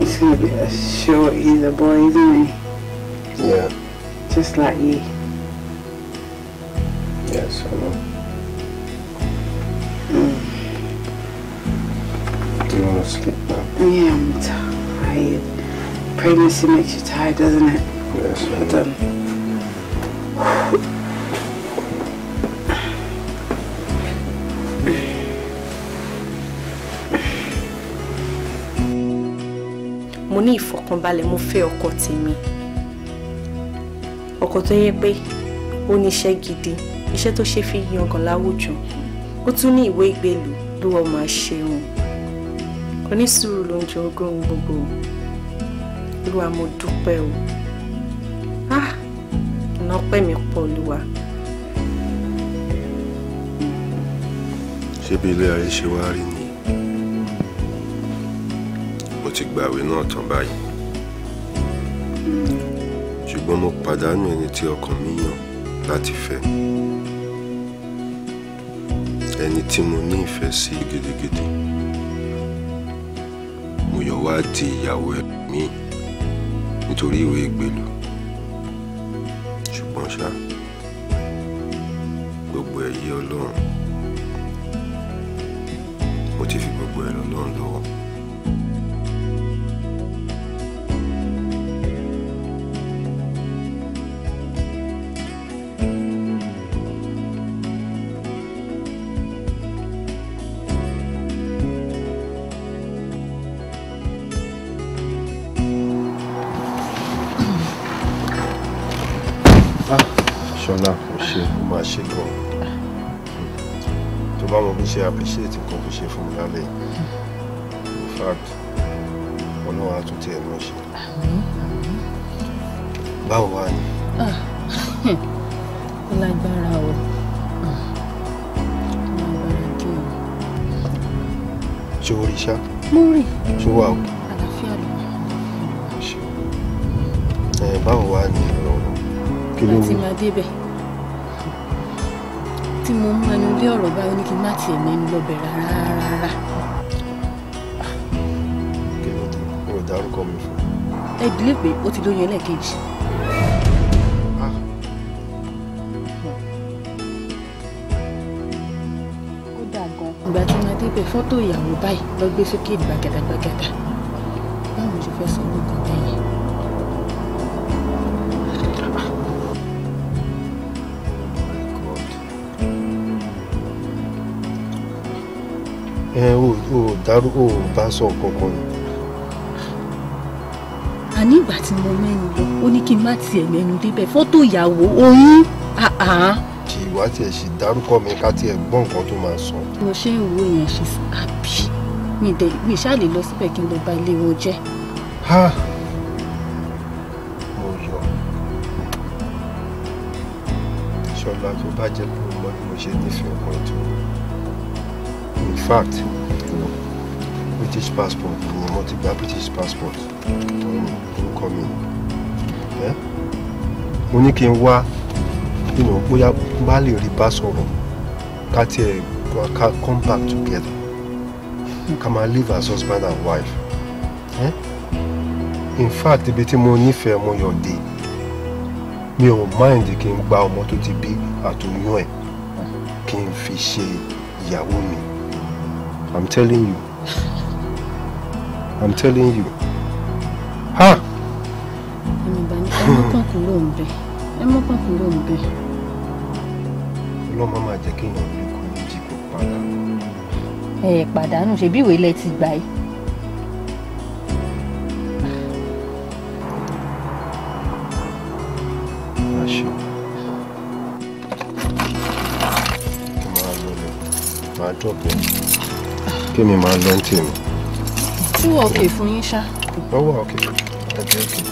It's gonna be a short either boy, isn't it? Yeah. Just like you. pregnancy makes you tired, doesn't it? Yes. But, um, mo ní ìfọ̀kànbalẹ̀ mo fẹ́ ọkọ tèmi ọkọ tó yẹ pé ó níṣẹ́ gidi iṣẹ́ tó ṣe fi yangàn láwùjọ ó tún ní ìwé ìgbélú ló wọ́n máa ṣe wọn onísùúrù ló ń jogún gbogbo olúwa mo dúpẹ́ o ọ̀nà ah, pẹ́ mi pọ̀ olúwa. ṣé bí ilé ayé ṣe wá rí ni mo ti gbàwé náà tán báyìí ṣùgbọ́n mo pàdánù ẹni tí ọkàn mi yàn láti fẹ́ ẹni tí mo ní ìfẹ́ sí gidigidi mo yọ̀ wá di ìyàwó ẹ̀ mi nítorí ìwé ìgbèlú ṣùgbọ́n ṣá gbogbo ẹ̀ yé Ọlọ́run nígbà tí màá débẹ̀ tí mo máa yanjú ọ̀rọ̀ báyìí ní kí n má tiẹ̀ mẹ́nu lọ́bẹ̀ rárá rárá. kí ló dé o dárúkọ mi fún. ẹ bìlẹ̀ pé ó ti lóyún ẹlẹ́ẹ̀kejì. Ah. ìgbà tí màá débẹ̀ fọ́tò ìyàwó báyìí lọ gbé sókè ìgbà arúgbó ò bá sọ kankan ni. àní ìgbà tí mo mẹ́nu lọ ó ní kí n má tiẹ̀ mẹ́nu débẹ̀ fọ́tò ìyàwó oyún kí ìwà tiẹ̀ sì dárúkọ mi ká tiẹ̀ gbọ́ nǹkan tó máa sọ. mo ṣe ń wo yẹn ṣe àbí mi dẹ mi ṣáà lè lọ síbẹ̀ kí n lọ bà ilé wọn jẹ́. mo yọ ṣọlá tó bá jẹ́ pé mo ṣe nífẹ̀ẹ́ ọkùnrin tó in fact British passport ni mo ti British passport orúkọ mi mo ní kí n wá bóyá bá lè rí bá sọ̀rọ̀ ká tiẹ̀ ká come back together ká máa live as husband and wife eh? in fact ibi tí mo nífẹ̀ẹ́ mo yọ̀ dé mi ò mind kí n gba ọmọ tó ti bí àtòyún ẹ̀ kí n fi i'm telling you I'm telling you. Ha! I'm kan kúrò ń bẹ. Ẹmọ kan kúrò ń bẹ. Ọlọ́mọ máa jẹ́ kéèyàn lè kó méjì kó padà. Ẹ pàdánù ṣebí ìwé ilẹ̀ ti gbà yìí. Kí ni màá lọ ń tèmi? ṣú òkè fún yín ṣá. lọ́wọ́ òkè ẹ̀jẹ̀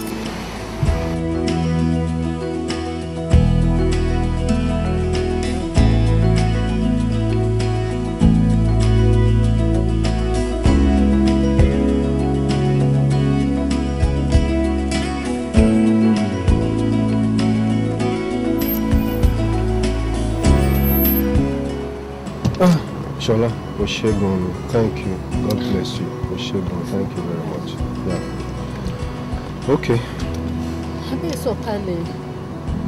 Shola Oshegun, thank you. God bless you. Ṣẹ́gun, thank you very much. Yeah. Okay. so ìsọ̀kalẹ̀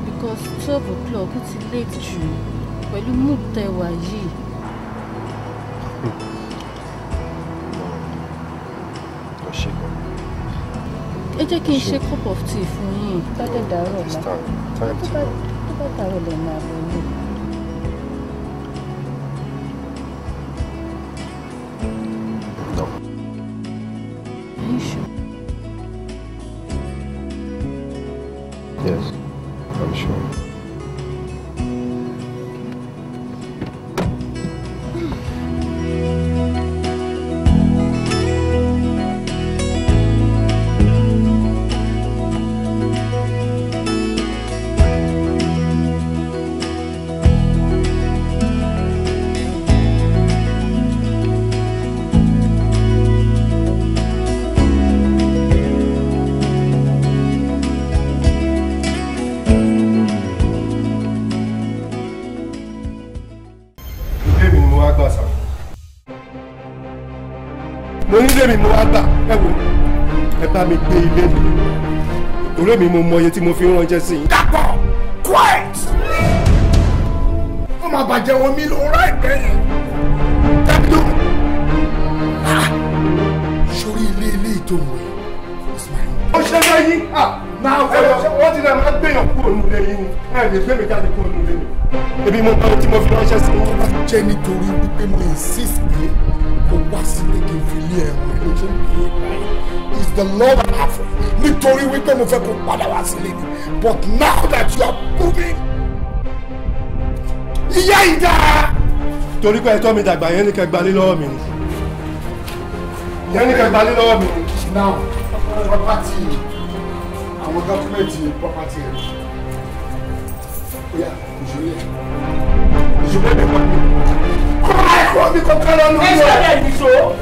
because 12 o'clock It's late late jù you move, tẹwà yìí. Ẹ jẹ́ kí n ṣe cup of tea for me. Bá dẹ̀ dàárọ̀ la. Tó bá tí mo fi ránṣẹ́ sí i. dàpọ̀ quiet ó máa bàjẹ́ wọn mi lóra ẹ̀gbẹ́ yẹn dábìlú sórí ilé ilé ìtòmù Ismail. ó ṣe lẹ́yìn náà wọ́n ti náà máa gbẹ̀yàn kúrò nílé yìí ẹ̀ lè gbé mi jáde kúrò nílé mi. ebi mo báwo tí mo fi ránṣẹ́ sí i. wọ́n bá jẹ́ nítorí wípé mo insist pé kò wá sílé kí n fi lé ẹ̀rọ ẹ̀ lójú. is the love of Africa nítorí wípé mo fẹ́ kó padà wá sílé ni but now that you are moving ìyá ìdá. torí pé ẹ̀tọ́ mi dàgbà yẹn ní kẹgbà lé lọ́wọ́ mi ni yẹn ní kẹgbà lé lọ́wọ́ mi ni. now property àwọn dọ́kúmẹ̀ntì property rẹ̀ oya ìṣòro yẹn ìṣòro yẹn kọ́ mi kọ́ mi kọ́ kẹ́rọ́ lórí rẹ̀. ẹ ṣe àlẹ́ ìṣó.